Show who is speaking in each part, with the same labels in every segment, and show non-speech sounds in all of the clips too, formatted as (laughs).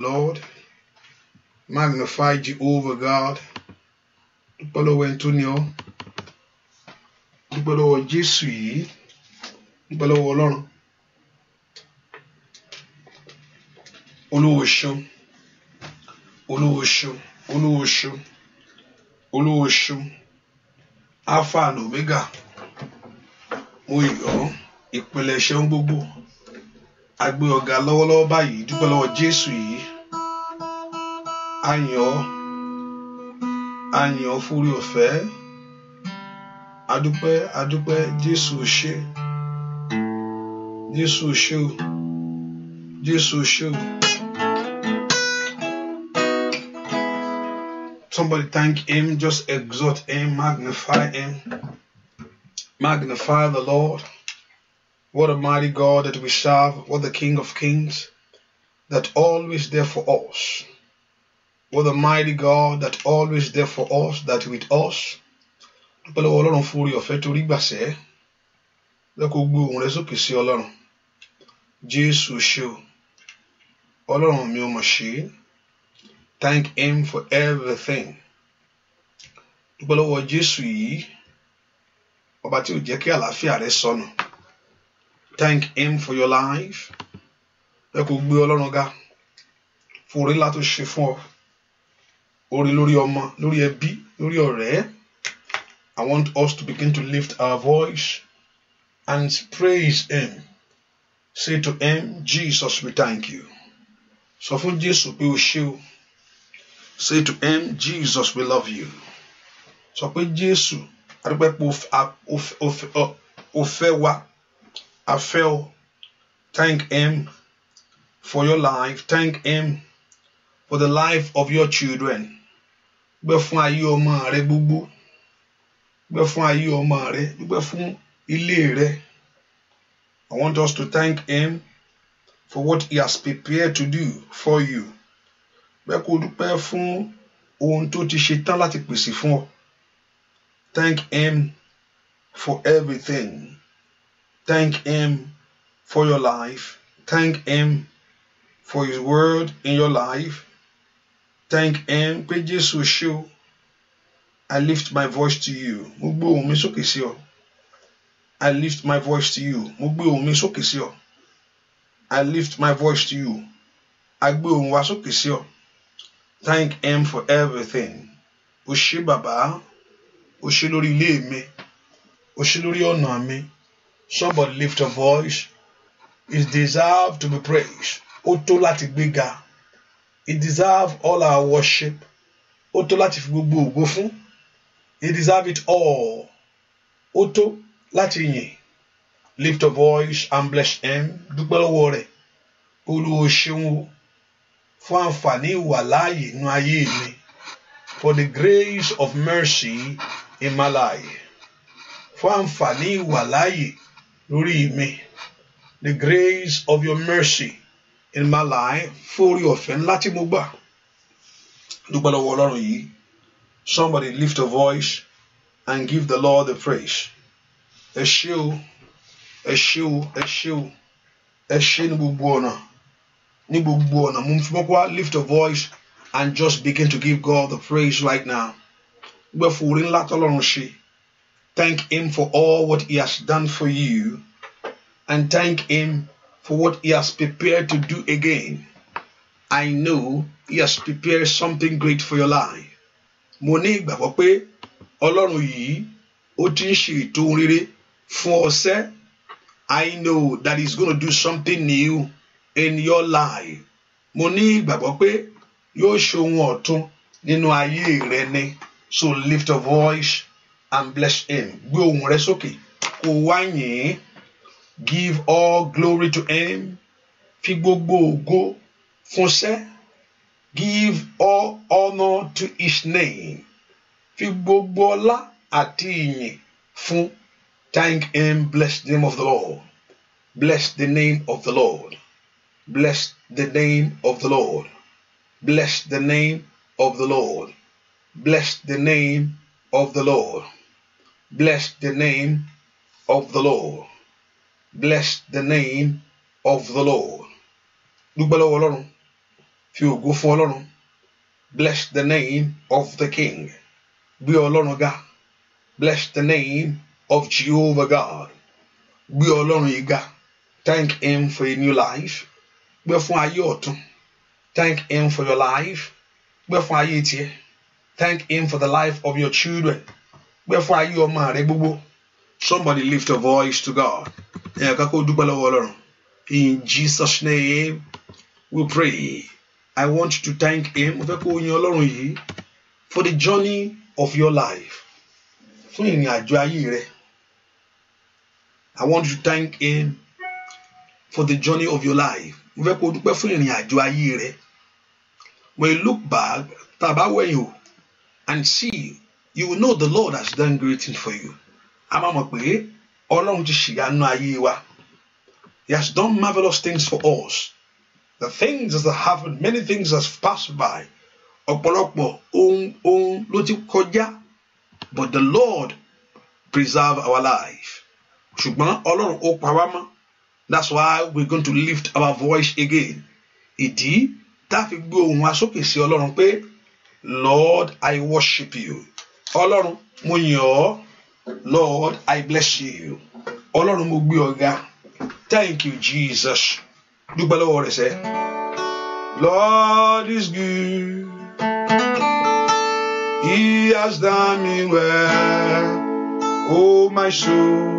Speaker 1: Lord. Magnify Jehovah God. Dúpẹ́ lọ́wọ́ ẹni tó below ọ. Dúpẹ́ lọ́wọ́ Jésù yìí. Dúpẹ́ lọ́wọ́ Ọlọ́run. Olúwo Alpha and Omega. Mo yọ̀ ọ́. Ìpìlẹ̀ Agbe gbé ọ̀gá lọ́wọ́lọ́wọ́ báyìí dúpẹ́ lọ́wọ́ Jésù yìí a yìn ọ́ a yìn ọ́ fúri ọ̀fẹ́ adúpẹ́ adúpẹ́ Jésù ṣe Jésù ṣe o Jésù ṣe o. Somebody thank him, just exhort him, magnify him, magnify the Lord. What a mighty God that we serve. What the King of Kings that always there for us. What a mighty God that always there for us, that with us. Dúpẹ́ lọ́wọ́ Ọlọ́run fún orí ọ̀fẹ́ torí gbàṣẹ́. Lẹ́kọ̀ọ́ gbé ohùn rẹ sókè sí Ọlọ́run. Jésù ṣe Ọlọ́run mi ò mọ̀ ṣe Thank him for everything. Dúpẹ́ lọ́wọ́ Jésù yìí. Ọba tí ò jẹ́ kí àlàáfíà rẹ sọnù. Thank Him for your life. Ẹ kò gbé Ọlọ́run ga fún orí ńlá tó ṣe fún ọ. Orí lórí ọmọ, lórí ẹbí, lórí ọ̀rẹ́. I want us to begin to lift our voice and praise Him. Say to Him, Jesus, we thank you. Sọ fún Jésù pé o ṣé o. Say to Him, Jesus, we love you. Sọ pé Jésù, a dúpẹ́ pé o wa. I feel. Thank Him for your life. Thank Him for the life of your children. Dúpẹ́ fún ayé ọmọ rẹ gbogbo. Dúpẹ́ fún ayé ọmọ rẹ. Dúpẹ́ fún ilé rẹ. I want us to thank Him for what He has prepared to do for you. Bẹ́ẹ̀ kó dúpẹ́ fún ohun tó ti ṣe tán láti pèsè fún ọ. Thank Him for everything. Thank Him for your life. Thank Him for His word in your life. Thank Him. Pé Jésù ṣé o. I lift my voice to you. Mo gbé ohùn mi sókè sí ọ. I lift my voice to you. Mo gbé ohùn mi sókè sí ọ. I lift my voice to you. A gbé ohùn wa sókè sí ọ. Thank him for everything. O ṣé bàbá. O ṣé lórí ilé mi. O ṣé lórí ọ̀nà mi. Somebody lift a voice. It deserve to be praised. Ó tó láti gbéga. It deserve all our worship. Ó tó láti fi gbogbo ògo fún. He deserves it all. Ó tó láti yìn. Lift a voice and bless him. Dúpẹ́ lọ́wọ́ rẹ̀. Olúwo ṣeun o. Fún àǹfààní ìwà láàyè inú ayé mi. For the grace of mercy in my life. Fún àǹfààní ìwà láàyè lórí mi the grace of your mercy in my life fún orí ọ̀fẹ́ ńlá tí mo gbà dúpẹ́ lọ́wọ́ ọlọ́run yìí somebody lift a voice and give the Lord the praise ẹ ṣé o ẹ ṣé o ẹ ṣé o ẹ ṣé ní gbogbo ọ̀nà ní gbogbo ọ̀nà mo fi mọ́kọ́ lift a voice and just begin to give God the praise right now gbẹ́fọ̀ orí ńlá tọ́lọ́run ṣe. Thank Him for all what He has done for you and thank Him for what He has prepared to do again. I know He has prepared something great for your life. Mo ní ìgbàgbọ́ pé Ọlọ́run yìí ó ti ń ṣe ètò rere fún ọ̀sẹ̀. I know that He's gonna do something new in your life. Mo ní ìgbàgbọ́ pé yóò ṣe ohun ọ̀tun nínú ayé rẹ ni. So lift a voice and bless him gbé ohùn rẹ sókè kó wá yìn give all glory to him fi gbogbo ògo fún sẹ́ give all honour to his name fi gbogbo ọlá àti ìyìn fún thank him bless the name of the lord bless the name of the lord bless the name of the lord bless the name of the lord bless the name of the lord. Bless the name of the Lord. Bless the name of the Lord. Dúpẹ́ lọ́wọ́ Ọlọ́run. Fi ògo Bless the name of the King. Gbé Ọlọ́run ga. Bless the name of Jehovah God. Gbé Ọlọ́run yìí Thank him for your new life. Gbé fún ayé Thank him for your life. Gbé fún ayé Thank him for the life of your children. Wherefore are you a man? somebody lift a voice to God kakó dúpẹ́ in Jesus name we pray I want to thank him for the journey of your life I want to thank him for the journey of your life dúpẹ́ when you look back tá and see you will know the Lord has done great things for you a máa mọ̀ pé ọlọ́run ti ṣìyànú ayé wa he has done marvellous things for us the things that have happened many things has passed by ọ̀pọ̀lọpọ̀ ohun ohun ló ti kọjá but the Lord preserve our life ṣùgbọ́n ọlọ́run ó pa mọ́ that's why we're going to lift our voice again ìdí tá a fi gbé ohùn wa sókè sí ọlọ́run pé Lord I worship you. ọlọ́run mo yìn ọ́ lord i bless you ọlọ́run mo gbé ọ thank you jesus dúpẹ́ lọ́wọ́ rẹ̀ sẹ́ lord is good he has done me well oh my soul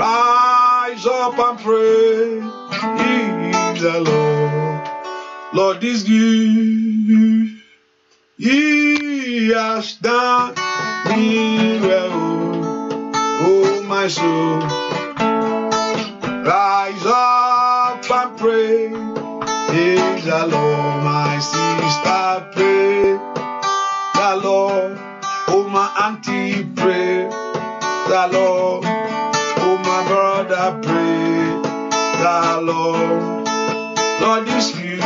Speaker 1: rise up and pray. He is the lord lord is good he mi has done me well, oh my soul. Rise up and pray, praise the Lord, my sister, pray. The Lord, oh my auntie, pray. The Lord, oh my brother, pray. The Lord, Lord is you.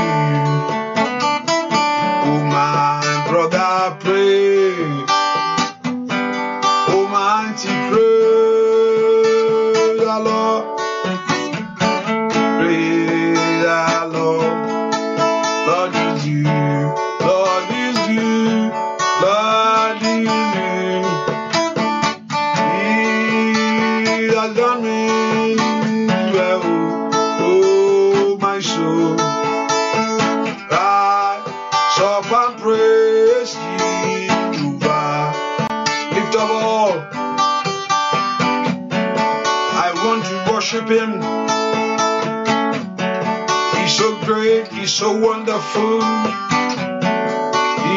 Speaker 1: so wonderful.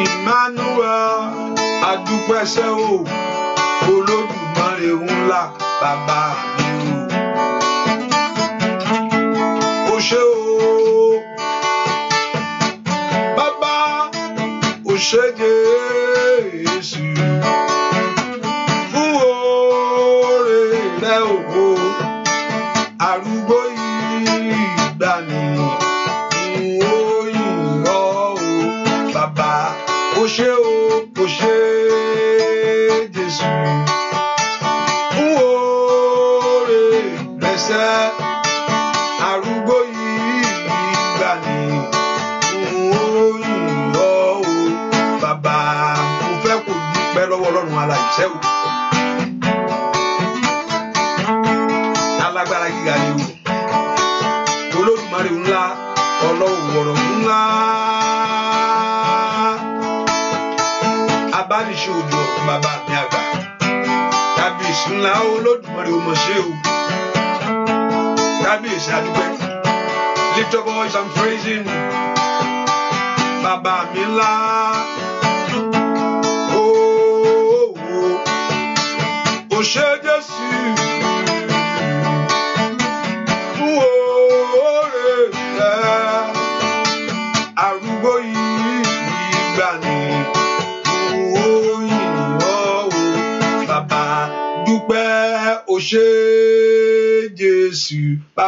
Speaker 1: Emmanuel adúpẹ́sẹ́ o olódùmarè ńlá bàbá mi.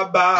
Speaker 1: Bye-bye.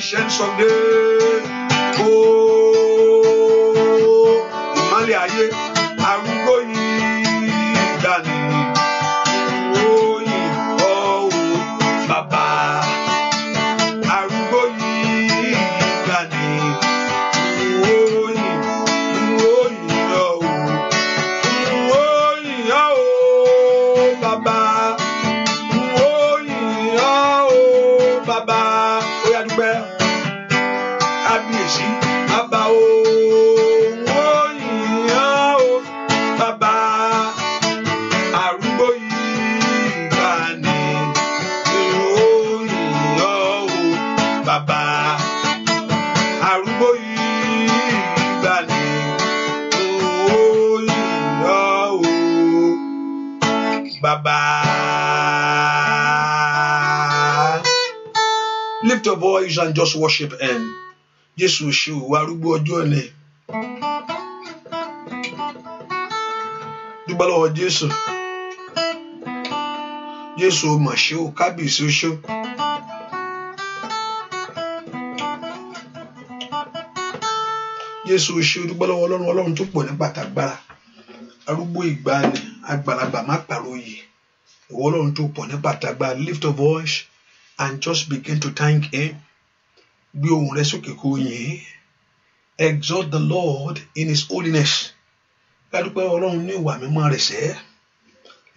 Speaker 1: patience someday. Oh. boys and just worship him jésù ṣe òwò arúgbó ọjọ́ ẹ̀lẹ́ dúpẹ́ lọ́wọ́ jésù jésù o mà ṣe o kábíyèsí o ṣe o. jésù ṣe dúpẹ́ lọ́wọ́ ọlọ́run ọlọ́run tó pọ̀ ní pàtàgbára arúgbó ìgbàanì àgbàlagbà má pàrọ̀ yìí ìwọ ọlọ́run tó pọ̀ ní pàtàgbára lift your voice and just begin to thank him. Eh? gbé ohùn rẹ sókè kó yìn exalt the lord in his holiness kádúpẹ́ ọlọ́run ní ìwà mímọ́ rẹ̀ sẹ́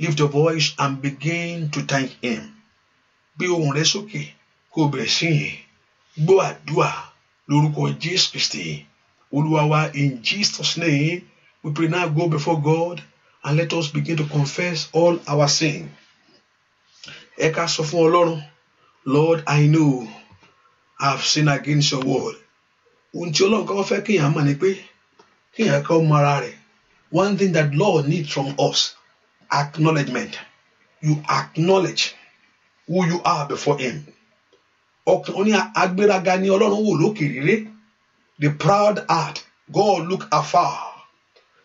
Speaker 1: lift your voice and begin to thank him gbé ohùn rẹ sókè kó o bẹ̀rẹ̀ sí yìn gbọ́ àdúà lórúkọ jésù kristi olúwa in jesus name we pray now go before god and let us begin to confess all our sin ẹ ká sọ fún ọlọ́run lord i know have sinned against your word ohun tí ọlọ́run kan fẹ́ kéèyàn mọ̀ ni pé kéèyàn kan mọ rẹ̀ one thing that Lord needs from us acknowledgement you acknowledge who you are before him ọkàn oní agbéraga ni ọlọ́run wò lókè rere the proud heart God look afar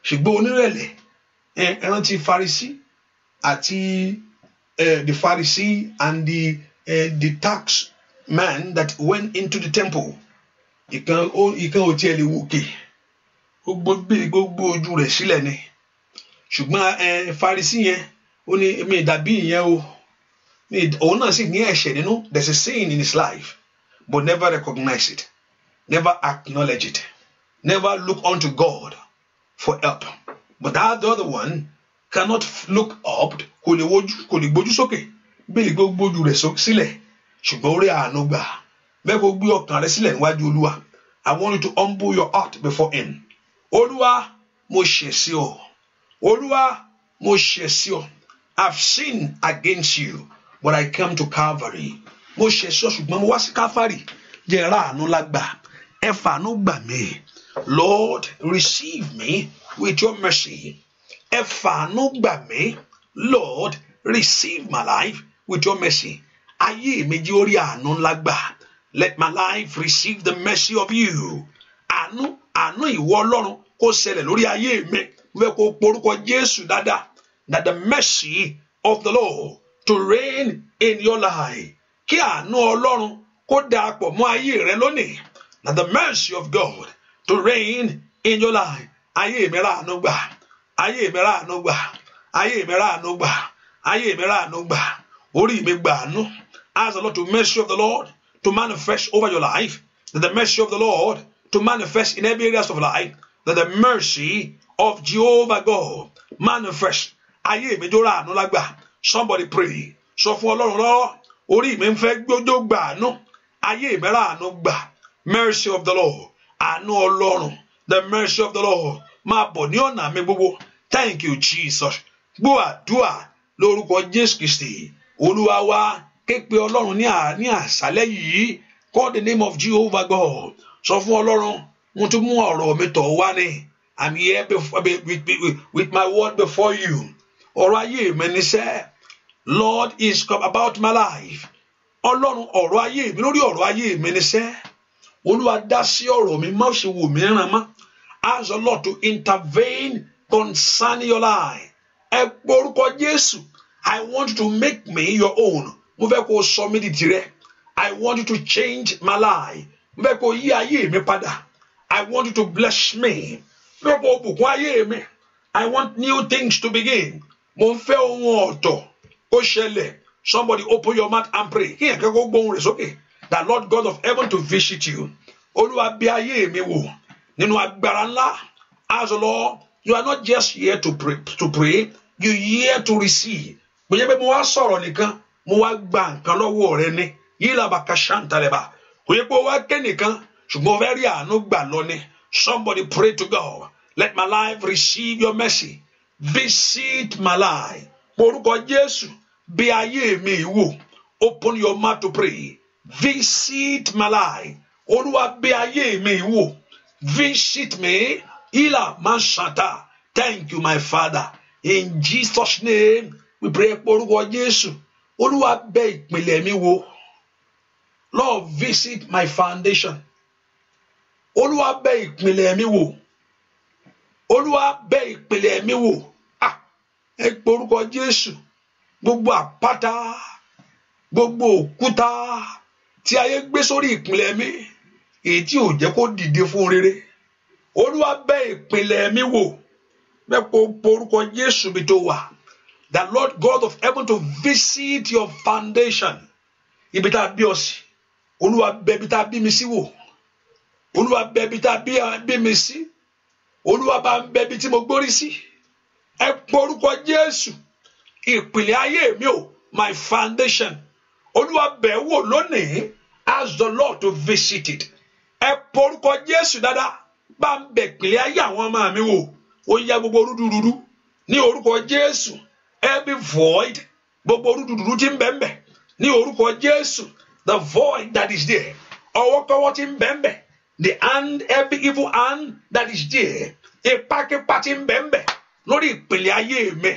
Speaker 1: ṣùgbọ́n onírẹ̀lẹ̀ ẹrántí Pharisee àti the Pharisee and the, uh, the tax man that went into the temple ìkan ó ìkan ò tiẹ̀ lè wòkè ó gbogbo ojú rẹ̀ sílẹ̀ ni ṣùgbọ́n eh, Farisí yẹn ó ní mi ìdàbí ìyẹn o òun náà sì ní ẹ̀ṣẹ̀ nínú there is a sin in his life but never recognize it never acknowledge it never look unto God for help but that the other one cannot look up kò lè wojú kò lè gbójú sókè bí lè gbójú rẹ̀ sílẹ̀. So, ṣùgbọ́n orí àánú gbà bẹ́ẹ̀ kó gbé ọkàn rẹ sílẹ̀ níwájú olúwa i want you to humble your heart before him olúwa mo ṣẹ̀ sí ọ olúwa mo ṣẹ̀ sí ọ i've sinned against you but i come to calvary mo ṣẹ̀ sí ọ ṣùgbọ́n mo wá sí calvary jẹ́ ẹ̀rá àánú lágbà ẹ fàánú gbà mí lord receive me with your mercy ẹ fàánú gbà mí lord receive my life with your mercy. ayé mi jí orí àánú ńlá gbà let my life receive the mercy of you àánú àánú ìwọ ọlọ́run kó ṣẹlẹ̀ lórí ayé mi wẹ́ kó porúkọ jésù dáadáa that the mercy of the lord to reign in your life kí àánú ọlọ́run kó dàpọ̀ mọ́ ayé rẹ lónìí that the mercy of god to reign in your life ayé mi ráàánú gbà ayé mi ráàánú gbà ayé mi ráàánú gbà ayé mi ráàánú gbà orí mi gbà àánú. No Ask the Lord to mercy of the Lord to manifest over your life. That the mercy of the Lord to manifest in every areas of life. That the mercy of Jehovah God manifest. Somebody pray. Sọ for Lord, lọ́wọ́. Orí mi ń fẹ́ gbójó gbà àánú. Ayé mi rà àánú Mercy of the Lord. I know Lord, The mercy of the Lord. My bọ̀ ní ọ̀nà mi gbogbo. Thank you Jesus. Gbọ́ dua Lord, Jésù Kristì. Olúwa képe ọlọ́run ní àṣálẹ́ yìí call the name of Jehovah God sọ fún ọlọ́run mo ti mú ọ̀rọ̀ mi tọ̀ wá ni I'm here before, be, with, be, with my word before you ọ̀rọ̀ ayé mi níṣẹ́ Lord is about my life ọlọ́run ọ̀rọ̀ ayé mi lórí ọ̀rọ̀ ayé mi níṣẹ́ olúwa dá sí ọ̀rọ̀ mi má ṣe wò mí ràn mọ́ ask the Lord to intervene concerning your life ẹ pé orúkọ Jésù I want to make me your own mo fẹ́ kó o sọ mí di tirẹ̀ I want you to change my life mo fẹ́ kó o yí ayé mi padà I want you to bless me mo fẹ́ kó o bùkún ayé mi I want new things to begin mo ń fẹ́ ohun ọ̀tọ̀ kó ṣẹlẹ̀ somebody open your mouth and pray kí ẹ̀kẹ́ kó gbóhùn rẹ̀ sókè the Lord God of heaven to visit you olúwa bí ayé mi wò nínú agbára ńlá as the Lord you are not just here to pray, to pray you here to receive kò yẹ pé mo wá sọ̀rọ̀ nìkan mo wá gba nǹkan lọ́wọ́ rẹ ni yìí làbà ka ṣàǹtàlẹ̀bà kò yẹ pé wá kẹ́nìkan ṣùgbọ́n fẹ́ rí àánú gbà lọ ni somebody pray to God let my life receive your mercy visit my life orúkọ Jésù bí ayé mi wò open your mouth to pray visit my life olúwa bí ayé mi wò visit me ilà máa ṣàtà thank you my father in Jesus name we pray orúkọ Jésù olúwa bẹ ìpìlẹ̀ mi wò lord visit my foundation olúwa bẹ ìpìlẹ̀ mi wò olúwa bẹ ìpìlẹ̀ mi wò ah ẹ gborúkọ jésù gbogbo àpáta gbogbo òkúta tí ayé gbé sórí ìpìlẹ̀ mi èyí tí ò jẹ́ kó dìde fún rere olúwa bẹ ìpìlẹ̀ mi wò bẹ́ẹ̀ kó porúkọ jésù mi tó wà the Lord God of heaven to visit your foundation ibi tá a bí ọ sí olúwa bẹ̀ ibi tá a bí mi sí wò olúwa bẹ̀ ibi tá a mi sí olúwa bá ń bẹ̀ mo gbórí sí ẹ pọ orúkọ Jésù ìpìlẹ̀ mi o my foundation olúwa bẹ̀ wò lónìí ask the Lord to visit it E pọ orúkọ Jésù dáadáa bá ń bẹ̀ ìpìlẹ̀ ayé àwọn ọmọ mi wò ó yá gbogbo rúdurùdu ní orúkọ Jésù every void gbogbo orú dúdú tí ń bẹ́ẹ̀ bẹ́ẹ̀ ní orúkọ Jésù the void that is there ọwọ́kọ́wọ́ tí ń bẹ́ẹ̀ bẹ́ẹ̀ the hand every evil hand that is there ìpákípá tí ń bẹ́ẹ̀ bẹ́ẹ̀ lórí ìpìlẹ̀ ayé mi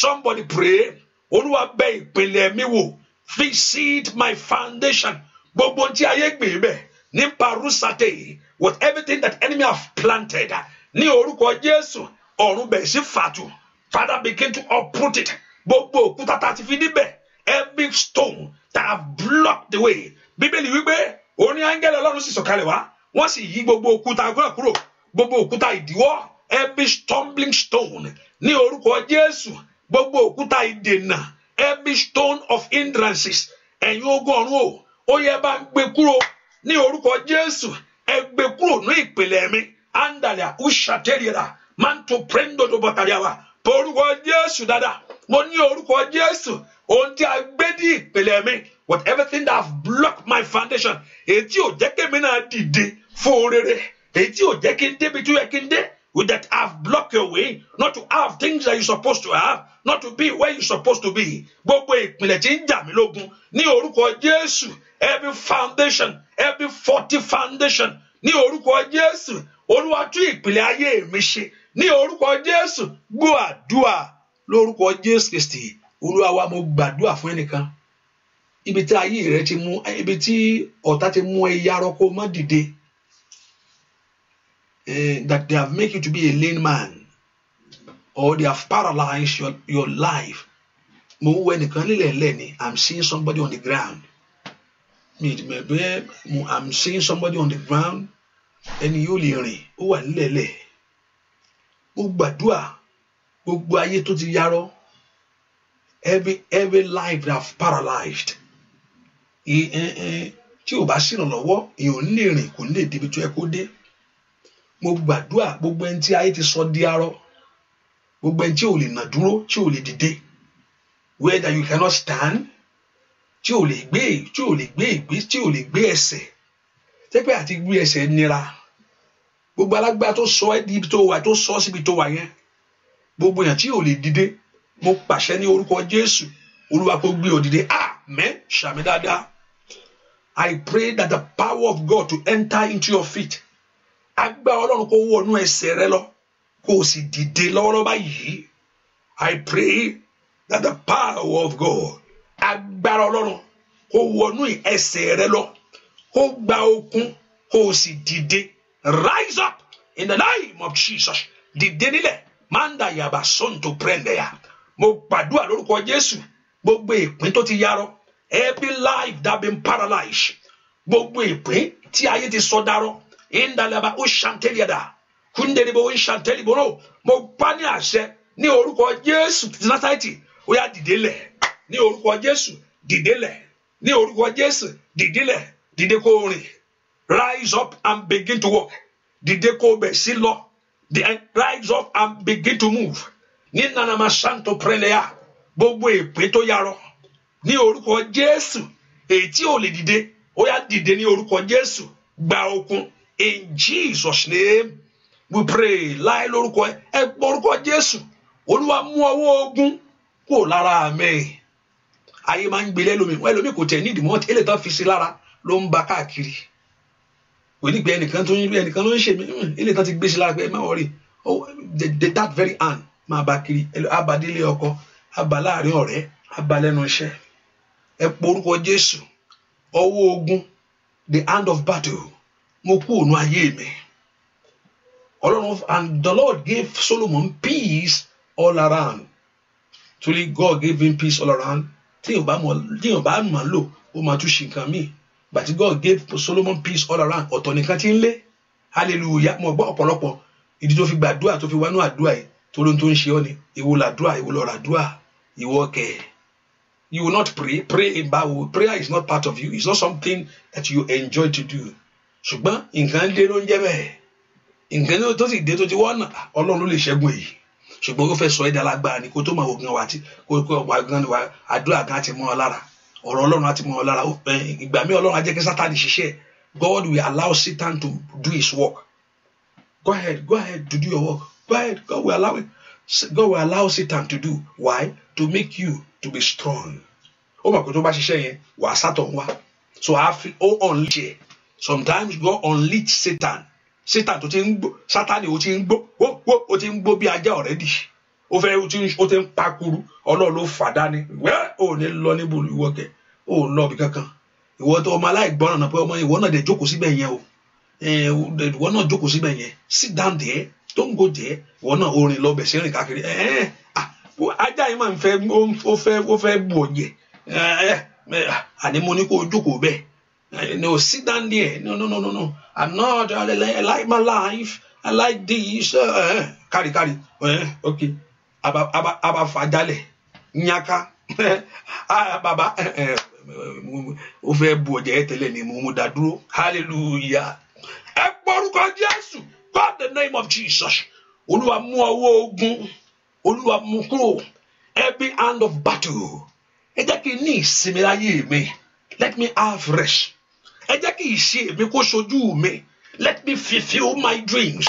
Speaker 1: somebody pray olúwa bẹ̀ ìpìlẹ̀ mi wò visit my foundation gbogbo tí ayé gbé bẹ́ẹ̀ ní parusate with everything that enemy have planted ní orúkọ Jésù ọ̀run bẹ̀ sí fàtú. Father, begin to uproot it. Gbogbo òkúta tá a ti fi níbẹ̀ every stone that have blocked the way. Bíbélì wípé oní áńgẹ́lì Ọlọ́run sì sọ̀kalẹ̀ wá. Wọ́n sì yí gbogbo òkúta gbọ́dọ̀ kúrò. Gbogbo òkúta ìdíwọ́ every stumbling stone ní orúkọ Jésù. Gbogbo òkúta ìdènà every stone of hindrances. Ẹ̀yin ogun ọ̀run o, ó yẹ bá ń gbé kúrò ní orúkọ Jésù. Ẹ gbé kúrò ní ìpìlẹ̀ mi. Ándàlẹ̀ àkúṣàtẹ̀rẹ̀ra máa ń tó pẹ́ńdọ̀dọ̀ bọ̀tàlẹ̀ wa. porúkọ jésù dáadáa mo ní orúkọ jésù ohun tí a gbé dí ìpìlẹ̀ mi with everything that have blocked my foundation èyí tí ò jẹ́ kémi náà dìde fún rere èyí tí ò jẹ́ kí n débi tí ó yẹ kí n dé with that have blocked your way not to have things that you supposed to have not to be where you supposed to be gbogbo ìpìlẹ̀ tí ń jà mí lógun ní orúkọ Jésù every foundation every forty foundation ní orúkọ Jésù Olúwa tún ìpìlẹ̀ ayé mi ṣe ní orúkọ jésù gbọ́ àdúà lórúkọ jésù kristi olúwa mo gbàdúà fún ẹnìkan ibi tí ayé rẹ ti mú ibi tí ọ̀tá ti mú ẹyà arọ́kọ mọ́ dìde eh, that they have make you to be a lame man or they have paralyzed your, your life mo ń wọ ẹnìkan lílẹ̀ lẹ́ni i'm seeing somebody on the ground mi ìdìbò ẹgbẹ́ i'm seeing somebody on the ground ẹni yóò lè rìn ó wà nílẹ̀ lẹ́ẹ̀. mo gbàdúrà gbogbo ayé tó ti yarọ every every life that have paralyzed tí ò bá ṣèrànlọ́wọ́ èèyàn ń lè rìn kò ní lè débi tó yẹ kó dé mo gbàdúrà gbogbo ẹni tí ayé ti sọ di arọ gbogbo ẹni tí ò lè nà dúró tí ò lè dìde where that you cannot stand tí ò lè gbé tí ò lè gbé ìgbé tí ò lè gbé ẹsẹ̀ tẹ́pẹ́ àti gbé ẹsẹ̀ nira gbogbo alágbá tó sọ ẹ́ di ibi tó wà tó sọ ọ́ síbi tó wà yẹn gbogbo èèyàn tí ò lè dìde mo pàṣẹ ní orúkọ Jésù olúwa kó gbé ọ dìde àmín dáadáa I pray that the power of God to enter into your feet agbára ọlọ́run kó wọnú ẹsẹ̀ rẹ lọ kó sì dìde lọ́wọ́lọ́wọ́ báyìí I pray that the power of God agbára ọlọ́run kó wọnú ẹsẹ̀ rẹ lọ kó gba okun kó sì dìde. Rise up in the name of Jesus. Dìde nílẹ̀ manda yaba sonto prendeya. Mo gbàdúrà lórúkọ Jésù gbogbo ìpín tó ti yarọ every life that been paralyzed gbogbo ìpín tí ayé ti sọ darọ indalaba ó ṣàǹtẹ̀lẹ̀dà kúndẹ̀lẹ̀bọ̀ ó ṣàǹtẹ̀lẹ̀bọ̀ náà mo pa ní àṣẹ ní orúkọ Jésù ti Násárẹ́tì ó yá dìde lẹ̀ ní orúkọ Jésù dìde lẹ̀ ní orúkọ Jésù dìde lẹ̀ dìde kó rìn Rise up and begin to walk. Dìde kó be bẹ̀ sí Rise up and begin to move. Ni Ní Nanama Santo Prelea, gbogbo èpè tó yarọ. Ní orúkọ Jésù, èyí tí ò lè dìde, ó yá dìde ní orúkọ Jésù. Gba okun. In Jesus' name we pray. Láì lórúkọ ẹ, ẹ gbọ́ orúkọ Jésù. Olúwa mú ọwọ́ ogun kúrò lára mi ayé máa ń gbé lẹ́lómi wọ́n ẹlòmíì kò tẹ̀ ní ìdìmọ́ tẹ́lẹ̀ tán fi sí lára ló ń ba káàkiri onígbẹ ẹnìkan tó ń yín ẹnìkan ló ń ṣe mí hmm, ilé kan ti gbé sí lápẹ má wọrí oh, the that very hand máa bá kiri abadílé ọkọ abà láàrin ọ̀rẹ́ abà lẹ́nu iṣẹ́ ẹ porúkọ Jésù ọwọ́ ogun the hand of battle mo kú ònú ayé mi Ọlọ́run and the Lord gave Solomon peace all around Truly, God gave him peace all around tí yóò bá mọ̀ lò ó máa tún ṣe nǹkan míì but God gave Solomon peace all around ọ̀tọ̀ nìkan tí ń lé hallelujah mo gbọ́ ọ̀pọ̀lọpọ̀ ìdí tó fi gbàdúrà tó fi wánú àdúrà yìí torí tó ń ṣe ọ́ ni ìwọ làdúrà ìwọ lọ́ràdúrà ìwọ kẹ̀ you will not pray pray in báwo prayer is not part of you it's not something that you enjoy to do ṣùgbọ́n nǹkan dé ló ń jẹ́ bẹ́ẹ̀ nǹkan tó sì dé tó ti wọ́n náà ọlọ́run ló lè ṣẹ́gun èyí ṣùgbọ́n ó fẹ́ sọ ẹ́ dára gbára ni kó tó máa wò gan wa àdúrà gan ti mọ́ ọ lára ọ̀rọ̀ ọlọ́run àti mọ̀ lára ìgbà mi ọlọ́run á jẹ́ ni sátani ṣiṣẹ́ God will allow Satan to do his work go ahead go ahead to do your work go ahead God will allow it God will allow Satan to do why to make you to be strong ó mà kó tó bá ṣiṣẹ́ yẹn wà á sátọ̀ wá so I feel ó unleash it sometimes God unleash Satan Satan tó ti ń gbó Sátánì ó ti ń gbó ó ó ó ti ń gbó bí ajá already ó fẹ́ ó ti ń pakuru ọlọ́run ló fà dání wẹ́ ò ní lọ níbo ìwọ kẹ ò lọ bí kankan ìwọ tó ọmọ aláìgbọràn náà pé ọmọ ìwọ náà dé jókòó síbẹ̀ yẹn o ìwọ náà jókòó síbẹ̀ yẹn sit down there don't go there ìwọ náà orin lọ bẹ̀ sí rìn káàkiri ajá yìí máa ń fẹ́ ó fẹ́ ó fẹ́ bù ọ jẹ àní mo ní kó o jókòó bẹ́ẹ̀ no sit down there no no no no no i'm not i like my life i like this kárí kárí okay aba aba aba fajalẹ nyaka (laughs) ah, baba (laughs) o fẹ́ bu ọjà yẹn tẹ́lẹ̀ ni mo mo dá hallelujah ẹ gbọ́rúkọ jésù god the name of jesus olúwa mú ọwọ́ ogun olúwa mú kúrò every hand of battle ẹ jẹ́ kí n ní ìsinmi láyé mi let me have rest ẹ jẹ́ kí ìṣe mi kó sojú mi let me fulfil my dreams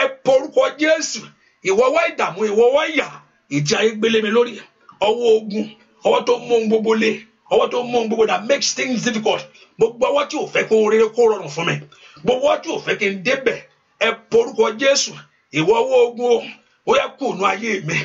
Speaker 1: ẹ gbọ́rúkọ jésù ìwọ́wọ́ ìdààmú ìwọ́wọ́ ìyà ìjà gbélémi lórí ọwọ́ ogun ọwọ́ tó mú ohun gbogbo le ọwọ́ tó mú ohun gbogbo that makes things difficult gbogbo ọwọ́ tí ò fẹ́ kó rere kó rọrùn fún mi gbogbo ọwọ́ tí ò fẹ́ kí n débẹ̀ ẹ porúkọ Jésù ìwọ́wọ́ ogun ó yẹ kó nu ayé mi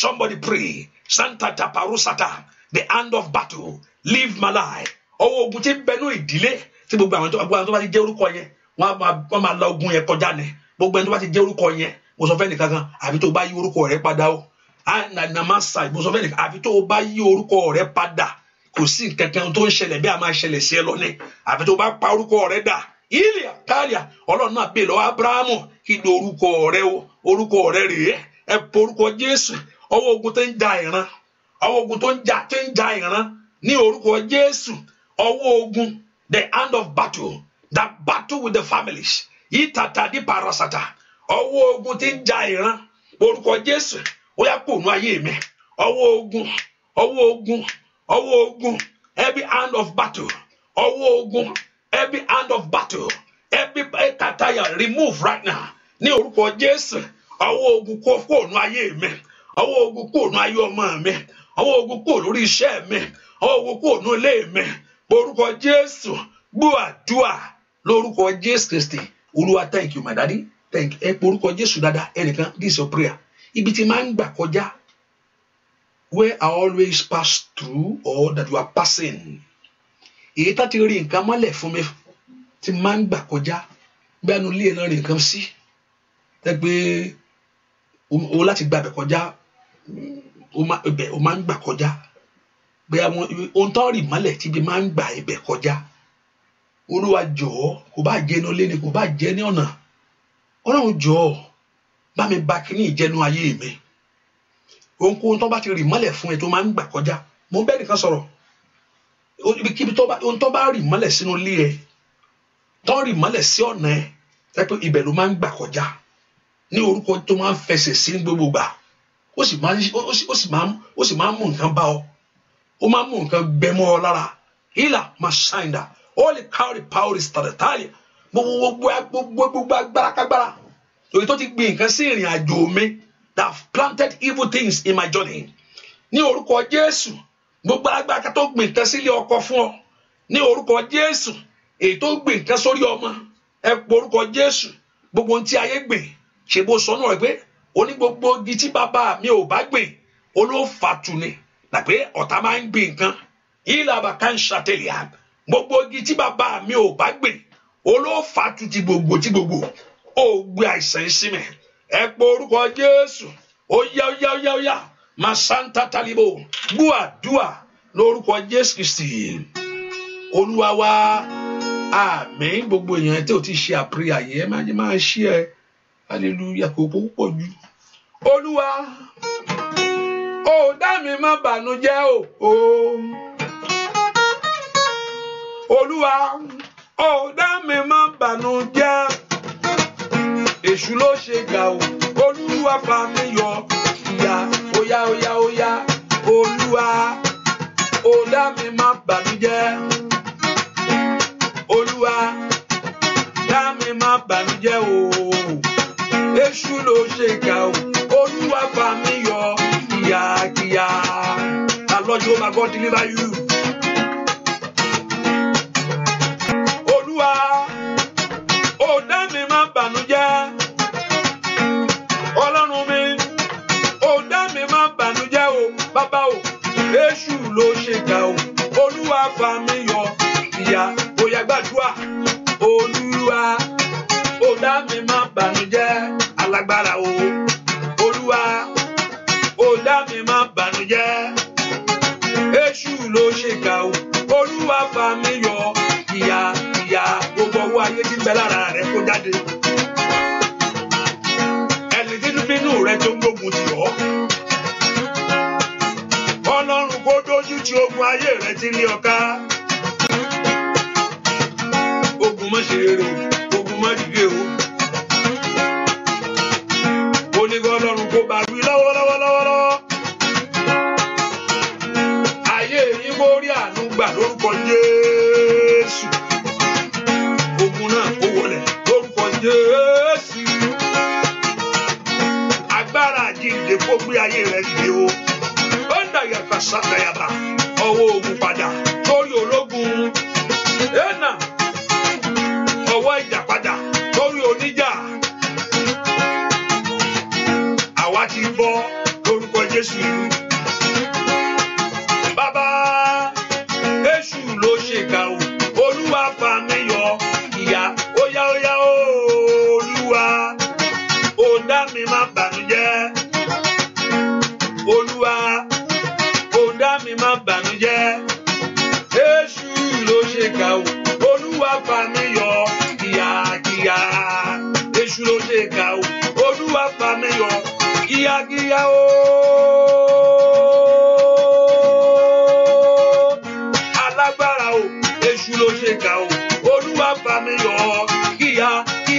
Speaker 1: somebody pray santa taparusata the hand of battle leave my life ọwọ́ ogun ti bẹnu ìdílé tí gbogbo àwọn tó bá ti jẹ́ orúkọ yẹn wọ́n máa la ogun yẹn kọjá ni gbogbo ẹni tó bá ti jẹ́ orúkọ yẹn mo sọ fẹ́ni kankan àfi tó bá yí orúkọ rẹ padà o anamasa mo sọ fẹ́ni àfi tó bá yí orúkọ rẹ padà kò sí nǹkankan tó ń ṣẹlẹ̀ bí a máa ṣẹlẹ̀ sí ẹ lọ ní àfi tó bá pa orúkọ rẹ dà ilẹ̀ tààlà ọlọ́run náà bèè lọ́wọ́ abrahamu kí ni orúkọ rẹ o orúkọ rẹ rèé ẹ pọ orúkọ jésù ọwọ́ ogun tó ń ja ìran ọwọ́ ogun tó ń ja tó ń ja ìran ní orúkọ jésù ọwọ́ ogun the hand of battle that battle with the families yìí tàtà di parasata ọwọ́ ogun tí ń ja ìran orúkọ Jésù ó yá kó nu ayé mi ọwọ́ ogun ọwọ́ ogun ọwọ́ ogun every hand of battle ọwọ́ ogun every hand of battle every kataya remove right now ní orúkọ Jésù ọwọ́ ogun kó kó nu ayé mi ọwọ́ ogun kó nu ayé ọmọ mi ọwọ́ ogun kó lórí iṣẹ́ mi ọwọ́ ogun kó nu ilé mi orúkọ Jésù gbọ́ àdúrà lórúkọ Jésù Kristi Olúwa thank you my daddy. thank ẹ porúkọ jésù dáadáa ẹnìkan this is your prayer ibi tí máa ń gbà kọjá where I always pass through or that you are passing èyí tá ti rí nǹkan mọ́lẹ̀ fún mi tí máa ń gbà kọjá gbẹ́nu lé náà rí nǹkan sí ẹ pé o láti gba ibẹ̀ kọjá o máa ń gbà kọjá pé àwọn ohun tó rì mọ́lẹ̀ tí ibi máa ń gbà ibẹ̀ kọjá olúwa jọ̀ọ́ kò bá kò bá jẹ́ ní ọ̀nà ọlọ́run jọ̀ọ́ bá mi ba kíní ìjẹnu ayé mi ohunkóhun tó bá ti rì mọ́lẹ̀ fún ẹ tó máa ń gbà kọjá mo bẹ́ẹ̀ nìkan sọ̀rọ̀ ibikíbi tó bá ohun tó bá rì mọ́lẹ̀ sínú ilé ẹ tó rì mọ́lẹ̀ sí ọ̀nà ẹ tẹ́ pé ibẹ̀ ló máa ń gbà kọjá ní orúkọ tó máa ń fẹsẹ̀ sí gbogbo gbà ó sì máa ó sì máa ń mú nǹkan bá ọ ó máa ń mú nǹkan gbẹmọ ọ lára ìlà máa ṣàìdá ó lè kárí pàórí sàrẹ̀tàlì gbogbo agbára kágbára èyí tó ti gbin nǹkan sí ìrìn àjò mi that have planted evil things in my journey ní orúkọ Jésù gbogbo agbára ká tó gbin nǹkan sílé ọkọ fún ọ ní orúkọ Jésù èyí tó gbin nǹkan sórí ọmọ ẹ pọ orúkọ Jésù gbogbo ohun tí ayé gbìn ṣe bó sọ náà pé oní gbogbo igi tí bàbá mi ò bá gbìn olófàtú ni tàbí ọ̀tá máa ń gbin nǹkan ìlà bàkà ń ṣàtẹ̀lẹ̀ àgbà gbogbo igi tí bàbá mi ò bá gbìn olófà tu ti gbogbo ti gbogbo ó gbé àìsàn yìí sí mi ẹ pé orúkọ jésù ó yá ó yá ó yá ó yá máa santa talibo gbúà dùà lórúkọ jésù kristi olúwa wa àmín gbogbo èèyàn tí ò ti ṣe àpéyà yẹn máa máa ṣí ẹ hallelujah kò kó pọ̀ jù olúwa ó dá mi má bànújẹ́ o olúwa ọ̀dá mi máa ń bànújẹ́ èṣù ló ṣe gà ó olúwa fà mí yọ ìyà óyá óyá óyá olúwa ọ̀dá mi máa ń bànújẹ́ olúwa dá mi máa ń bànújẹ́ o èṣù ló ṣe gà ó olúwa fà mí yọ ìyà kìyà. Lord Jehovah God deliver you.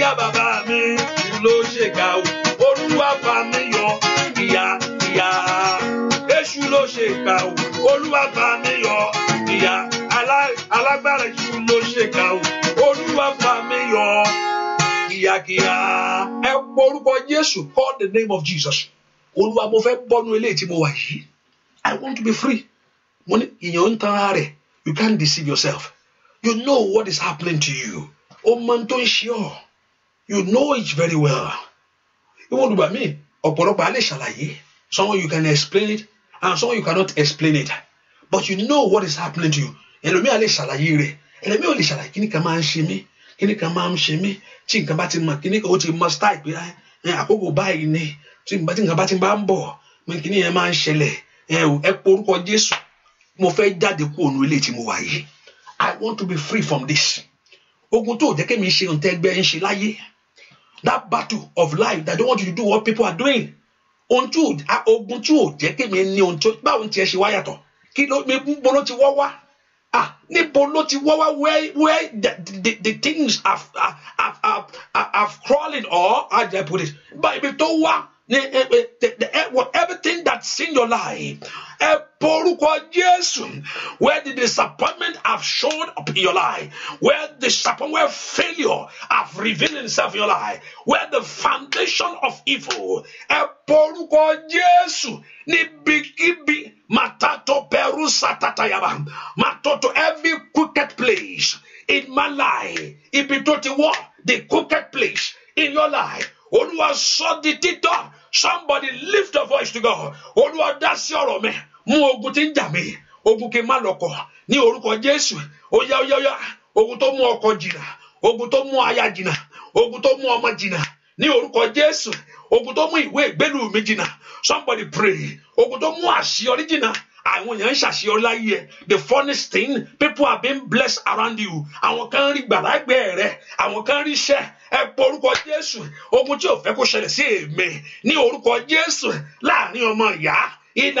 Speaker 1: bóyá bàbá mi ló ṣèkà o olúwa fà mí yọ ìyà ìyà èṣù ló ṣèkà o olúwa fà mí yọ ìyà alágbára èṣù ló ṣèkà o olúwa fà mí yọ kíákíá ẹ pọ orúkọ Jésù call the name of Jesus olúwa mo fẹ́ bọ́nu eléyìí tí mo wà yìí I want to be free mo ní ìyẹn ń tan ara rẹ̀ you can't deceive yourself you know what is happening to you o mọ tó ń ṣe ọ́ you know it very well ìwọ olùgbà mi ọ̀pọ̀lọpọ̀ a lè ṣàlàyé someone you can explain it and someone you cannot explain it but you know what is happening to you ẹlòmíà lè ṣàlàyé rẹ̀ ẹlòmíà lè ṣàlàyé kíní kan máa ń ṣe mí kíní kan máa ń ṣe mí tí nǹkan bá ti mọ kíní kan ó ti mọ style pé ah, àkókò báyìí ni tí nǹkan bá ti bá ń bọ̀ mi kíní yẹn máa ń ṣẹlẹ̀ ẹ pé Jésù mo fẹ́ jáde kúrò nínú ilé tí mo wà yìí I want to be free from this ogun tó jẹ́ kémi ṣe ohun tẹ́gbẹ́ ń ṣe láyé that battle of life that don't want you to do what people are doing ohun tí ò ogun tí ò jẹ́ kémi ní ohun tí ó báwo tiẹ̀ ṣe wá yàtọ̀ kí ló níbo ló ti wọ́ wá ah níbo ló ti wọ́ wá where where the the, the things are are are are, crawling or how do I put it báyìí ibi tó wá Eh, eh, eh, whatever thing that's in your life, Porukwa where the disappointment have shown up in your life, where disappointment, where failure have revealed itself in your life, where the foundation of evil, Porukwa Jesu, Matato every crooked place in my life, if it what? The crooked place in your life. Olúwa sọ di dídán somebody lift your voice to God olúwa dá sí ọ̀rọ̀ mi mú ogun tí ń jà mí ogun kí n má lọ́kọ ní orúkọ Jésù óyá óyá óyá ogun tó mú ọkọ jìnnà ogun tó mú aya jìnnà ogun tó mú ọmọ jìnnà ní orúkọ Jésù ogun tó mú ìwé ìgbélú mi jìnnà somebody pray ogun tó mú àṣeyọrí jìnnà àwọn èèyàn ń ṣàṣeyọrí láyé ẹ the funnest thing people have been blessed around you àwọn kan rí gbàdágbé rẹ àwọn kan rí iṣẹ́ ẹ pọ orúkọ jésù ogun tí ò fẹ́ kó ṣẹlẹ̀ sí èmi ní orúkọ jésù láàrin ọmọ ìyá in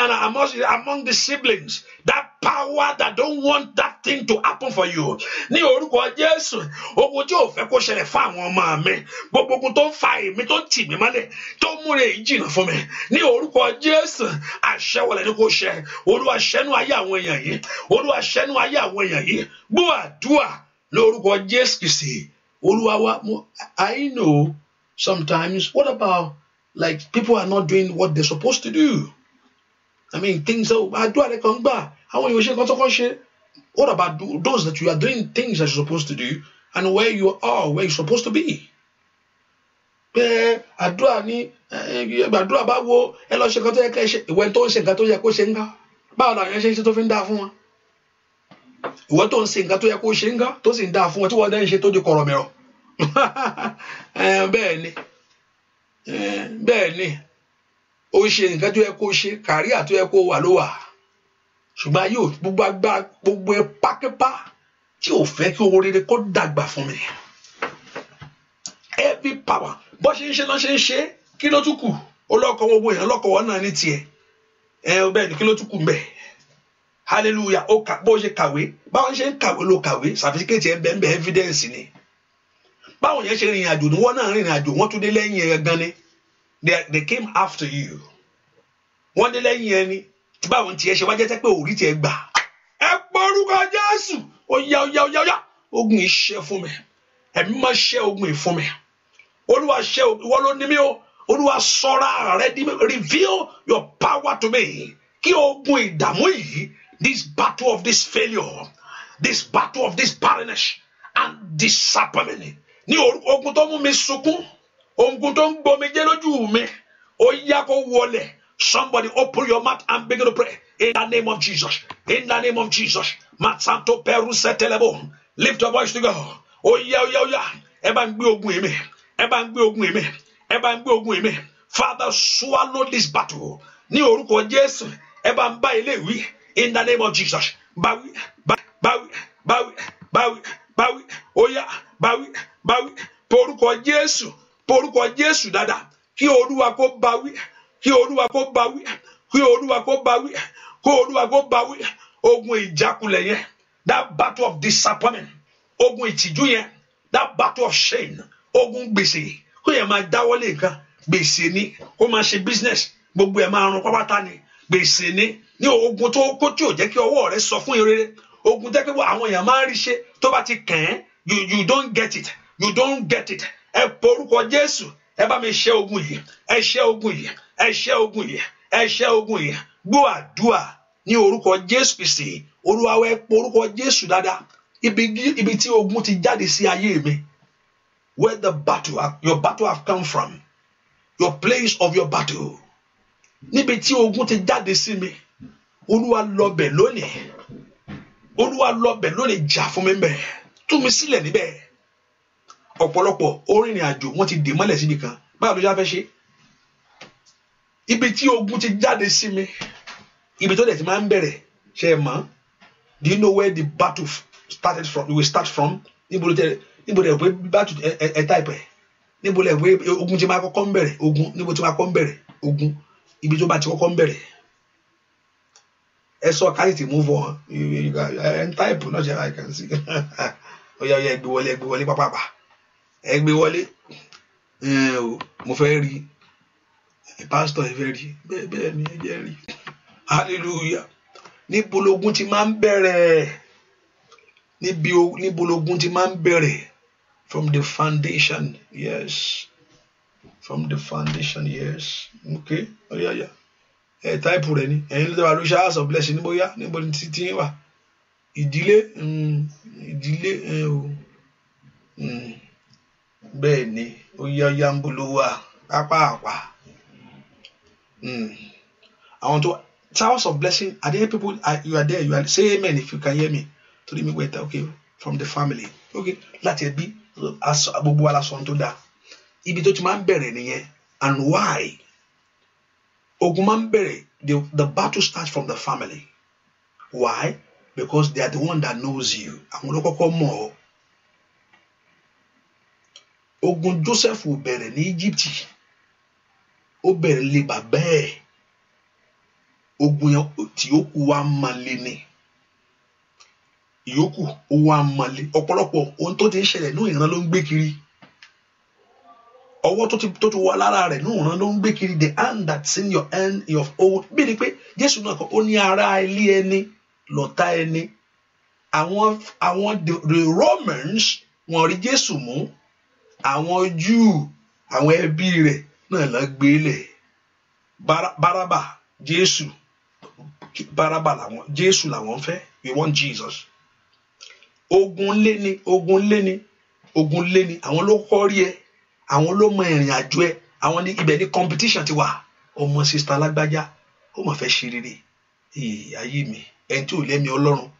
Speaker 1: among, the siblings that power that don't want that thing to happen for you ní orúkọ jésù ogun tí ò fẹ́ kó ṣẹlẹ̀ fún àwọn ọmọ mi gbogbo ogun tó ń fa èmi tó ń tì mí mọ́lẹ̀ tó ń múre yìí fún mi ní orúkọ jésù àṣẹwọlẹ̀ ni kò ṣẹ olúwa ṣẹ́nu ayé àwọn èèyàn yìí olúwa ṣẹ́nu ayé àwọn èèyàn yìí gbọ́ àdúrà lórúkọ jésù kìsì. Olúwa I know sometimes what about like people are not doing what they're supposed to do. I mean things ah, àdúrà rẹ kan gbà What about those that you are doing things that you're supposed to do and where you are where you're supposed to be? Pé àdúrà ni eh, àdúrà bá wo ẹ lọ ṣe nǹkan tó yẹ kẹ́ ṣe ìwé tó ń ṣe nǹkan tó yẹ kó ṣe ń ká. Báwo làwọn èèyàn ṣe ń ṣe tó fi ń dáa fún wọn? ìwọ tó ń ṣe nǹkan tó yẹ kó ṣe ń gán tó sì ń dáa fún ọ tí wọn náà ń ṣe tó di kọ̀rọ̀ mìíràn (laughs) bẹ́ẹ̀ ni bẹ́ẹ̀ ni ó ṣe nǹkan tó yẹ kó ṣe kàríà tó yẹ kó wà ló wà ṣùgbọ́n ayé gbogbo gbogbo ẹ pákípá tí ò fẹ́ kí owó rere kó dàgbà fún mi every power bó ṣe ń ṣe ló ṣe ń ṣe kí ló tún kù ó lọ́kọ̀ gbogbo èèyàn lọ́kọ̀ wọn náà ní tiẹ̀ ẹ bẹ́ẹ̀ ni kí ló tún kù bẹ́ẹ̀ hallelujah ó kà bó ṣe kàwé báwọn ṣe ń kàwé ló kàwé certificate ẹ̀ ń bẹ ń evidence ni báwọn yẹn ṣe rìnrìn àjò ni wọ́n náà rìnrìn àjò wọ́n tún dé lẹ́yìn ẹ̀ gan ni they, they came after you wọ́n dé lẹ́yìn ẹ̀ ni báwọn tiẹ̀ ṣe wá jẹ́ pé òrí tiẹ̀ gbà ẹ pọ́rúkọ Jésù ó yá ó yá ó yá ó yá ogun iṣẹ́ fún mi ẹ̀mí máa ṣe ogun ìfún mi olúwa ṣe ìwọ ló ní mi o olúwa sọ́ra rẹ reveal your power to me kí ogun ìdààmú yìí this battle of this failure this battle of this barrenness and disappointment ní ogun tó mú mi sunkún ogun tó ń gbomi jẹ lójú mi ó yá kó wọlé somebody open your mouth and begin to pray in the name of Jesus in the name of Jesus matsanto peru setelebo lift your voice to God ó yá ó yá ó yá ẹ bá ń ogun èmi ẹ bá ogun èmi ẹ bá ogun èmi Father swallow this battle Ni orúkọ Jésù ẹ bá ń in the name of Jesus. Bawi, bawi, bawi, bawi, bawi, oya, bawi, bawi, porúkọ Jésù, porúkọ Jésù dáadáa, ki Olúwa kó bawi, kí Olúwa kó bawi, kí Olúwa kó bawi, kí Olúwa kó bawi, ogun ìjákulẹ̀ yẹn, that battle of disappointment, ogun ìtìjú yẹn, that battle of shame, ogun gbèsè, kó yẹn máa dáwọ́lé nǹkan, gbèsè ni, kó máa ṣe business, gbogbo ẹ̀ máa run pápátá ni gbèsè ni ní ogun tó kó tí ò jẹ́ kí ọwọ́ rẹ sọ fún ìrere ogun tẹ́ pé àwọn èèyàn máa ń rí ṣe tó bá ti kàn án you don't get it you don't get it ẹ porúkọ Jésù ẹ bá mi ṣẹ́ ogun yìí ẹ ṣẹ́ ogun yìí ẹ ṣẹ́ ogun yìí ẹ ṣẹ́ ogun yìí gbọ́ àdúà ní orúkọ Jésù Kristi Olúwa ẹ porúkọ Jésù dáadáa ibi ibi tí ogun ti jáde sí ayé mi where the battle your battle have come from your place of your battle níbi tí ogun ti jáde sí mi olúwa lọbẹ̀ lónìí olúwa lọbẹ̀ lónìí jà fún mi bẹ́ẹ̀ tú mi sílẹ̀ níbẹ̀ ọ̀pọ̀lọpọ̀ orìnrìn àjò wọ́n ti dè mọ́lẹ̀ síbi kan báyọ̀ ló ṣe fẹ́ ṣe ibi tí ogun ti jáde sí mi ibi tó dẹ̀ ti máa ń bẹ̀rẹ̀ ṣe é mọ́ do you know where the battle started from we start from níbo ló tẹ pé battle ẹ̀ ẹ̀ type ẹ̀ níbo lẹ̀ pé ogun ti máa kọ́kọ́ ń bẹ̀rẹ̀ ogun níbo ti máa kọ́ ń bẹ̀rẹ̀ ogun ibi tó bá ti kọ́kọ́ ń bẹ̀rẹ̀ ẹ sọ káyìtì move on ẹ ń táìpù náà ṣe I can see ọyà ọyà ẹgbẹ wọlé ẹgbẹ wọlé pápápá ẹgbẹ wọlé mo fẹ́ rí pásítọ̀ ẹ fẹ́ rí bẹ́ẹ̀ bẹ́ẹ̀ ni ẹ jẹ́ rí hallelujah níbo ti máa ń bẹ̀rẹ̀ níbo ti máa ń bẹ̀rẹ̀ from the foundation yes from the foundation years okay Oh yeah, ọ̀yàyà ẹ̀ táìpù rẹ̀ ni ẹ̀yin ló dábàá ló showers of blessing níbo yá níbo ni títí wà ìdílé mm, ìdílé eh, o mm, bẹ́ẹ̀ ni ó yá yá ń bolo wà pápápá mm. àwọn tó showers of blessing are there people are, you are there you are say amen if you can hear me torí mi pẹ̀ta okay from the family okay láti ẹbí gbogbo wa la sọ ohun tó dáa ibi tó ti máa ń bẹ̀rẹ̀ nìyẹn and why ogun máa ń bẹ̀rẹ̀ the the battle starts from the family why because they are the one that knows you àwọn ló kọ́kọ́ mọ̀ ọ́ ogun Joseph ò bẹ̀rẹ̀ ní Egypt ó bẹ̀rẹ̀ lé bàbá ẹ̀ ogun yẹn tí ó kù wá máa lé ni ìyókù ó wá máa lé ọ̀pọ̀lọpọ̀ ohun tó ti ń ṣẹlẹ̀ ní ìran ló ń gbé kiri ọwọ́ tó ti tó ti wà lára rẹ̀ ní òun ló ń gbé kiri the hand that's in your hand of old bí ni pé Jésù náà kọ́ ó ní ara ilé ẹni lọ́tà ẹni àwọn àwọn the Romans wọ́n rí Jésù mú àwọn Júù àwọn ẹbí rẹ̀ náà lọ gbélé Bárábà Jésù Bárábà làwọn Jésù làwọn fẹ́ we want Jesus ogun lé ní ogun lé ní ogun lé ní àwọn ló kọ́ rí ẹ àwọn ló mọ ìrìn àjò ẹ àwọn ní ibẹ̀ ní competition ti wà ọmọ sista lágbájá ó mọ̀ fẹ́ ṣe rere ayé mi ẹni tí ò lẹ́mi ọlọ́run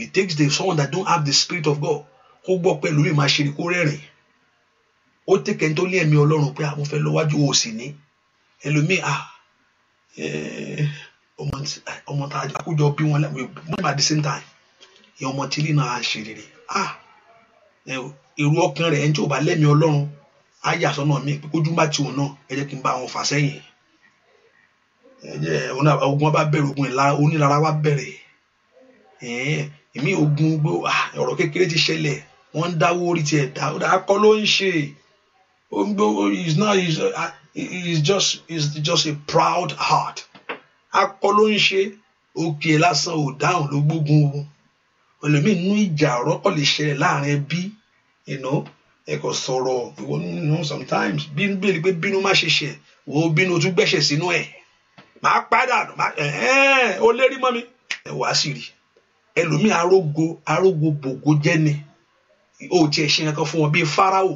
Speaker 1: it takes the someone that don't have the spirit of God kó gbọ́ pẹ̀lú mi máa ṣe ni kó rẹ́rìn ó tẹ̀kẹ́ ní tó lé ẹ̀mí ọlọ́run pé àwọn fẹ́ lọ wájú o sì ẹlòmíì à ọmọ tá a kójọ bí wọn lẹ́wọ̀n at the same time ìyẹn ọmọ tí ilé náà ṣe rere à èrò ọkàn rẹ̀ ẹni tí ò bá lẹ́mi ọlọ́run á yà sọ́nà mi pé kójú bá tiwọn náà ẹ jẹ́ kí n bá wọn fà sẹ́yìn ogun bá bẹ̀rẹ̀ ogun onílara wa bẹ̀rẹ̀ èmi ogun gbé ah, ọ̀rọ̀ kékeré ti ṣẹlẹ̀ wọ́n ń dáwó orí tiẹ̀ dá ó ló ń ṣe ó ń gbé is not is is ah, just is just a proud heart akọ ló ń ṣe òkè lásán ò dáhùn ló gbógun o ẹlòmíín nú ìjà ọ̀rọ̀ kọ́ lè ṣẹlẹ̀ láàrin ẹbí you know ẹ kò sọ̀rọ̀ ìwọ nínú sometimes bí n bèrè pé bínú má ṣe ṣe wo bínú tún gbẹ̀ṣẹ̀ sínú ẹ̀ máa padà ó lérí mọ́ mi ẹ wá sí rí ẹlòmíì arógo arógo bògo jẹ́ ni ó tiẹ̀ ṣe nǹkan fún wọn bíi Fáráò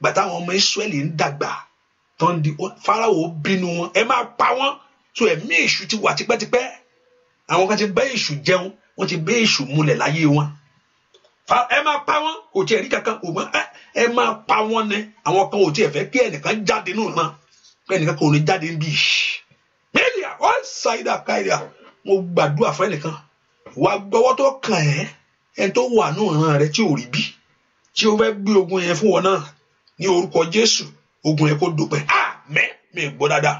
Speaker 1: gbàtà àwọn ọmọ Ísírẹ́lì ń dàgbà tán di Fáráò bínú wọn ẹ máa pa wọn tó ẹ̀mí èṣù ti wà tipẹ́tipẹ́ àwọn kan ti bá èṣù jẹun wọ́n ti bá èṣù múlẹ̀ láyé wọn ẹ máa pa wọn kò tiẹ̀ rí kankan kò ẹ máa pa wọn ni àwọn kan ò tiẹ̀ fẹ́ kí ẹnìkan jáde nù náà pé ẹnìkan kò ní jáde níbí mẹ́lìà ó ń sa ìdá káìdá mo gbàdúrà fún ẹnìkan wà gbọ́wọ́ tó kàn ẹ́ ẹni tó wà nù ràn rẹ tí ò rí bí tí o fẹ́ gbé ogun yẹn fún wọn náà ní orúkọ Jésù ogun yẹn kó dópin àmín mi gbọ́ dáadáa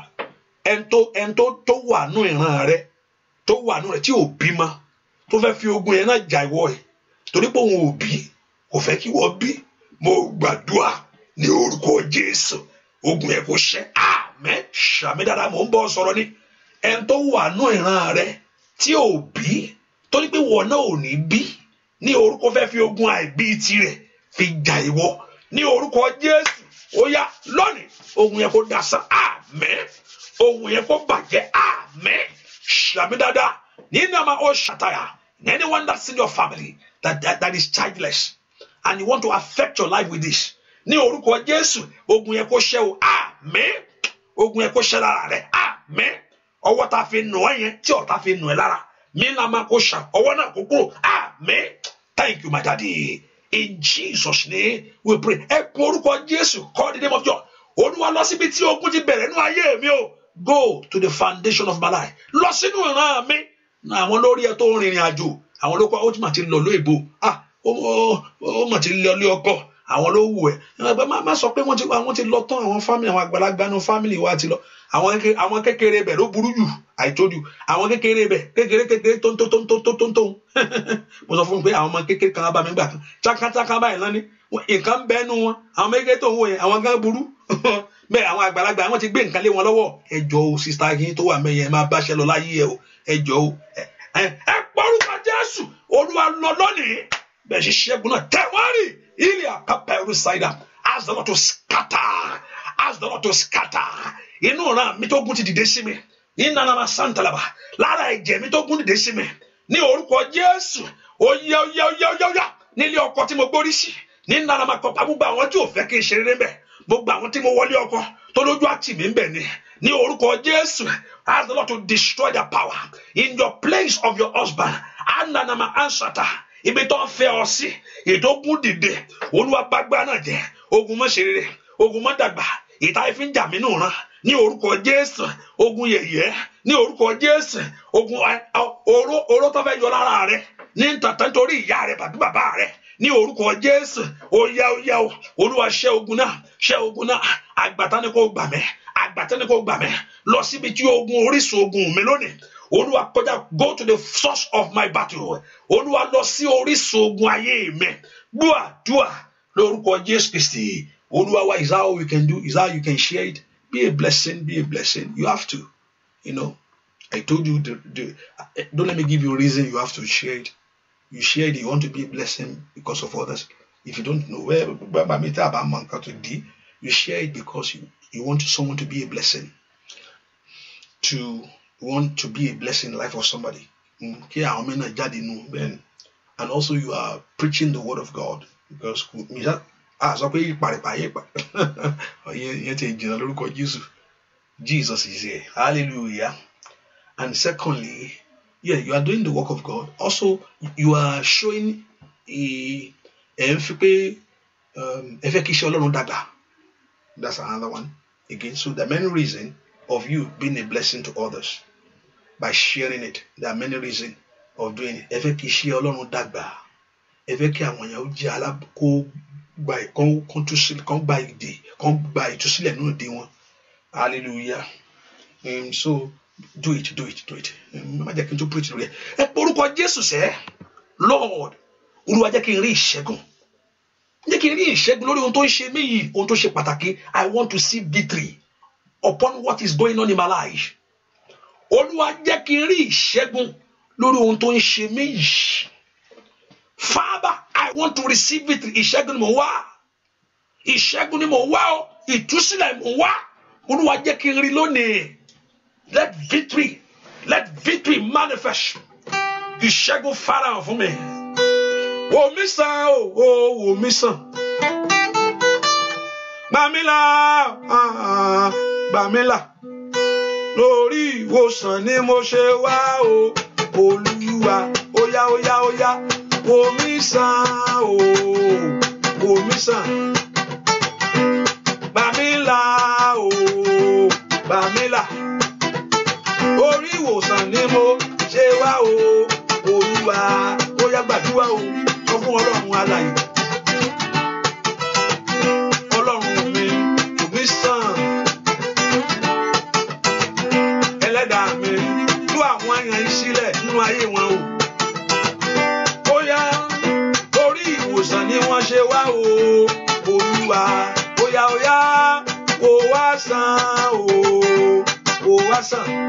Speaker 1: ẹ tó ẹni tó tó wà nù ìran rẹ tó wà nù rẹ tí ò bímọ tó fẹ́ fi ogun yẹn náà jà ìwọ yìí torí pé òun ò bí kò fẹ́ kí wọ́n bí mo gbàdúrà ní orúkọ Jésù ogun ẹ̀ kò ṣẹ́ àmẹ́ ṣàmì dáadáa mò ń bọ́ sọ̀rọ̀ ni ẹni tó wà nù ìran rẹ tí ò bí torí pé wọ́n náà ò ní bí ní orúkọ fẹ́ fi ogun àìbí tirẹ̀ fi jà ìwọ ní orúkọ Jésù ó yá lónìí ogun yẹn kó dasán àmẹ́ ogun yẹn kó bàjẹ́ àmẹ́ ṣàmì dáadáa nínú àmà ó ṣàtàyà ní anyone that's in your family that, that, that is childless and you want to affect your life with this ní orúkọ Jésù ogun yẹn kó ṣẹ́ o àmín ogun yẹn kó ṣẹ́ lára rẹ àmín ọwọ́ ta fi nù ọ́ yẹn tí ọ̀tá fi nù ẹ́ lára mi la máa kó ṣà ọwọ́ náà kó kúrò àmín thank you my daddy in Jesus name we pray ẹ kún orúkọ Jésù call the name of God olúwa lọ síbi tí ogun ti bẹ̀rẹ̀ nínú ayé mi o go to the foundation of my life lọ sínú ìran mi àwọn lórí ẹ tó ń rìnrìn àjò àwọn ló kọ́ ó ti mà ti lọ lóyìnbó ah ó ó mà ti lọ lé ọkọ àwọn ló wù ẹ ẹgbẹ má má sọ pé wọ́n ti àwọn ti lọ tán àwọn fámìlì àwọn àgbàlagbà nu fámìlì wa ti lọ àwọn kékeré bẹ ló burú jù àìtójú àwọn kékeré bẹ kékeré kékeré tóntóntóntóntóntó (laughs) mo sọ fún un pé àwọn ọmọ kékeré kan bá mi gbà kan tákàtákà báyìí lánìí nǹkan bẹ́ẹ̀ nu wọn àwọn méjèèjì tó ń wò yẹn àwọn gan burú (laughs) bẹ́ẹ̀ àwọn àgbàlagbà àwọn ti gbé nǹkan lé wọn lọ́wọ́ ẹjọ́ o sista yín tó wà mẹ́yẹn máa báṣẹ lọ láyé ẹ o ẹjọ́ o ẹ pọ́rúkọ jésù olúwa lọ lónìí bẹ́ẹ̀ ṣe ṣẹ́gun náà tẹ̀wárì ilẹ̀ àpapọ̀ ẹrú ṣáìdà the Lord to scatter as the Lord to scatter inú ọ̀ràn mi tó gún ti dìde sí mi nínú àmà santalaba lára ẹ̀jẹ̀ mi tó gún dìde sí mi ní orúkọ jésù oyá oyá oyá oyá oyá nílé ọkọ tí mo gbórí sí nínú àmà kọpa gbogbo àwọn tí ò fẹ́ kí n ṣe rere bẹ́ẹ̀ gbogbo àwọn tí mo wọlé ọkọ tó lójú àtìmí ń bẹ̀ ni ní orúkọ Jésù ask the Lord to destroy their power in your place of your husband ananama ansata ibi tó ń fẹ́ ọ sí ìdógún dìde olúwa gbàgbà náà jẹ ogun mọ́ ṣe rere ogun mọ́ dàgbà ìta ìfi ń jà mí nù rán ní orúkọ Jésù ogun yẹ̀yẹ́ ní orúkọ Jésù ogun oró oró tó fẹ́ yọ lára rẹ ní tàntàn torí ìyá rẹ bàbí bàbá rẹ ní orúkọ Jésù ó olúwa ṣẹ́ ogun náà ṣẹ́ ogun náà àgbàtà ni àgbàtẹ́ni kò gbà mí lọ síbi tí ogun orísun ogun mi lónìí olúwa kọjá go to the source of my battle olúwa lọ sí orísun ogun ayé mi gbúà dúà lórúkọ jésù kristi olúwa wa is how we can do is how you can share it be a blessing be a blessing you have to you know i told you the, the, don't let me give you reason you have to share it you share it you want to be a blessing because of others if you don't know where bàbá mi tá a mọ nǹkan tó di. You share it because you, you want someone to be a blessing. To want to be a blessing in the life of somebody. And also you are preaching the word of God because (laughs) Jesus is here. Hallelujah. And secondly, yeah, you are doing the work of God. Also, you are showing a eh, ẹ ń fi pé um, ẹ That's another one. Again, so the main reason of you being a blessing to others by sharing it. There are many reasons of doing it. Ẹ fẹ́ kí iṣẹ́ Ọlọ́run dàgbà. Ẹ fẹ́ kí àwọn Hallelujah. Um, so do it do it do it. Um, má jẹ́ kí n tún Lord, Olúwa jẹ́ kí jẹ́ kí n rí ìṣẹ́gun lórí ohun tó ń ṣe mí yìí ohun tó ṣe pàtàkì i want to see victory upon what is going on in my life olúwa jẹ́ kí n rí ìṣẹ́gun lórí ohun tó ń ṣe mí yìí father i want to receive victory ìṣẹ́gun ni mò ń wá ìṣẹ́gun ni mò ń wá o ìtúsílẹ̀ mò ń wá olúwa jẹ́ kí n rí lónìí let victory let victory manifest ìṣẹ́gun farahàn fún mi wò mí sàn o wò wò mí sàn gbàmílà ah, gbàmílà lórí ìwòsàn ni mo ṣe wá o olúwa óyá óyá óyá wò mí sàn o wò mí sàn gbàmílà o gbàmílà orí ìwòsàn ni mo ṣe wá o olúwa ó gbàdúrà o sọ fún ọlọ́run alààyè. ọlọ́run mi kò mí sàn. ẹlẹ́dàá mi tú àwọn àyàn yìí sílẹ̀ nínú ayé wọn o. bóyá orí ìwòsàn ni wọ́n ṣe wá o olúwa bóyá ó yá kó wá sàn o kó wá sàn.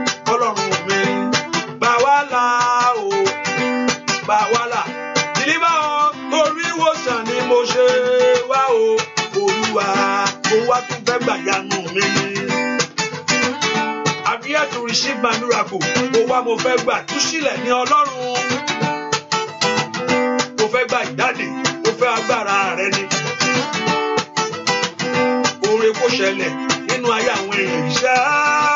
Speaker 1: receive my miracle mo wá mo fẹ́ gbà túsílẹ̀ ní ọlọ́run mo fẹ́ gbà ìdáde mo fẹ́ agbára rẹ ni oore kò ṣẹlẹ̀ nínú ayé àwọn èèyàn ìṣáá.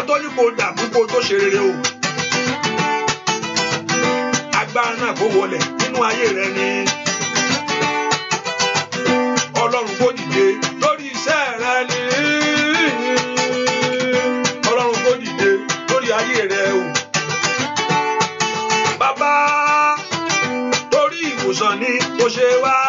Speaker 1: ọba tó ní kó dààmú kó tó ṣe rere o agbára náà kó wọlé nínú ayé rẹ ni ọlọ́run kó dìde lórí iṣẹ́ rẹ ni ọlọ́run kó dìde lórí ayé rẹ o bàbá torí ìwòsàn ni mo ṣe wá.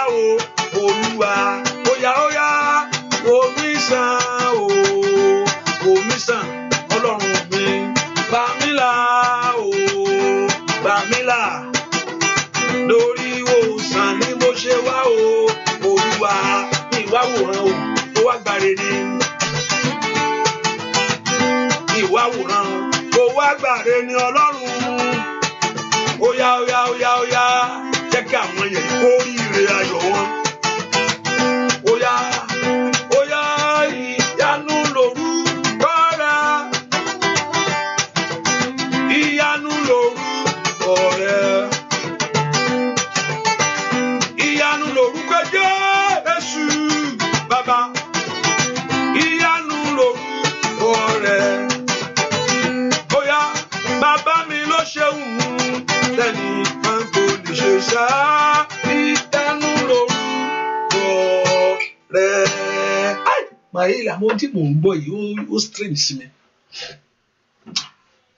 Speaker 1: yìí làwọn ohun tí mò ń gbọ́ yìí ó strange sí mi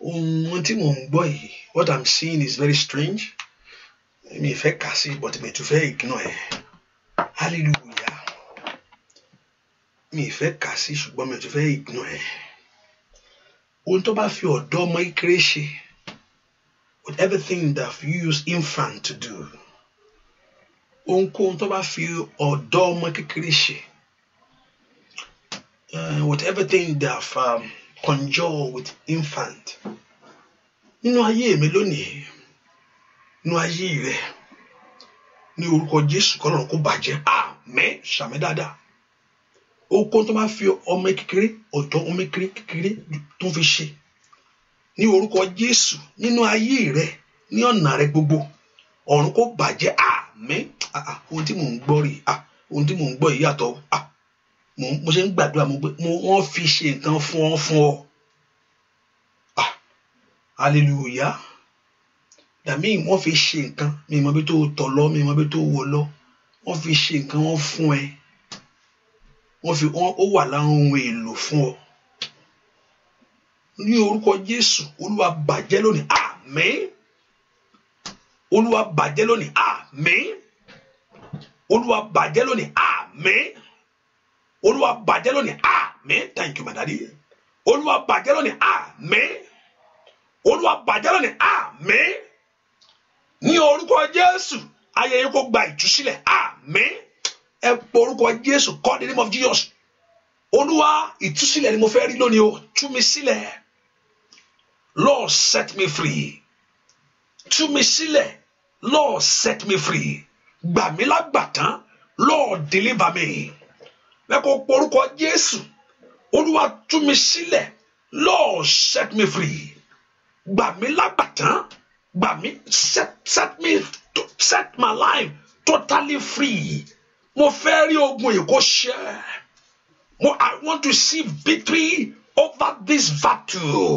Speaker 1: ohun tí mò ń gbọ́ yìí what i'm seeing is very strange mi fẹ́ kà sí but mi tún fẹ́ ignore ẹ̀ hallelujah mi fẹ́ kà sí ṣùgbọ́n mi tún fẹ́ ignore ẹ̀ ohun tó bá fi ọ̀dọ́ ọmọ ìkéré ṣe with everything that you use infant to do ohunkóhun tó bá fi ọ̀dọ́ ọmọ kékeré ṣe uh, whatever thing they have um, conjured with infant nínú ayé mi lónìí nínú ayé rẹ ní orúkọ Jésù kọlọrun kó bàjẹ́ àmín sàmì dáadáa okun tó máa fi ọmọ kékeré ọ̀tọ̀ ọmọ kékeré tó fi ṣe ní orúkọ Jésù nínú ayé rẹ ní ọ̀nà rẹ gbogbo ọ̀run kó bàjẹ́ àmín ah, ah, ohun tí mò ń gbọ́ rí ah, ohun tí mò ń gbọ́ yìí yàtọ̀ ah mo ṣe ń gbàdúrà mo pé wọ́n fi ṣe nǹkan fún ọ fún ọ aleluya ah, dàmí wọ́n fi ṣe nǹkan mi mọ bí tó tọ̀ lọ mi mọ bí tó wọ lọ wọ́n fi ṣe nǹkan wọ́n fún ẹ wọ́n fi wọ́n ó wà láwọn ohun èlò fún ọ ní orúkọ Jésù olúwa bàjẹ́ lónìí àmín olúwa bàjẹ́ lónìí àmín olúwa bàjẹ́ lónìí àmín olúwa bàjẹ́ lónìí àmín thank you my daddy olúwa bàjẹ́ lónìí àmín olúwa bàjẹ́ lónìí àmín ní orúkọ jésù ayé yín kó gba ìtúsílẹ̀ àmín ẹ pọ orúkọ jésù call the name of jesus olúwa ìtúsílẹ̀ ni mo fẹ́ rí lónìí o tú mi sílẹ̀ lord set me free tú mi sílẹ̀ lord set me free gbà mí lágbàtán lord deliver me lẹ́kọ̀ọ́ porúkọ Jésù olúwa tú mi sílẹ̀ Lord set me free gbà mí lágbàtán gbà mí set, set me set my life totally free mo fẹ́ rí ogun yìí mo I want to see victory over this battle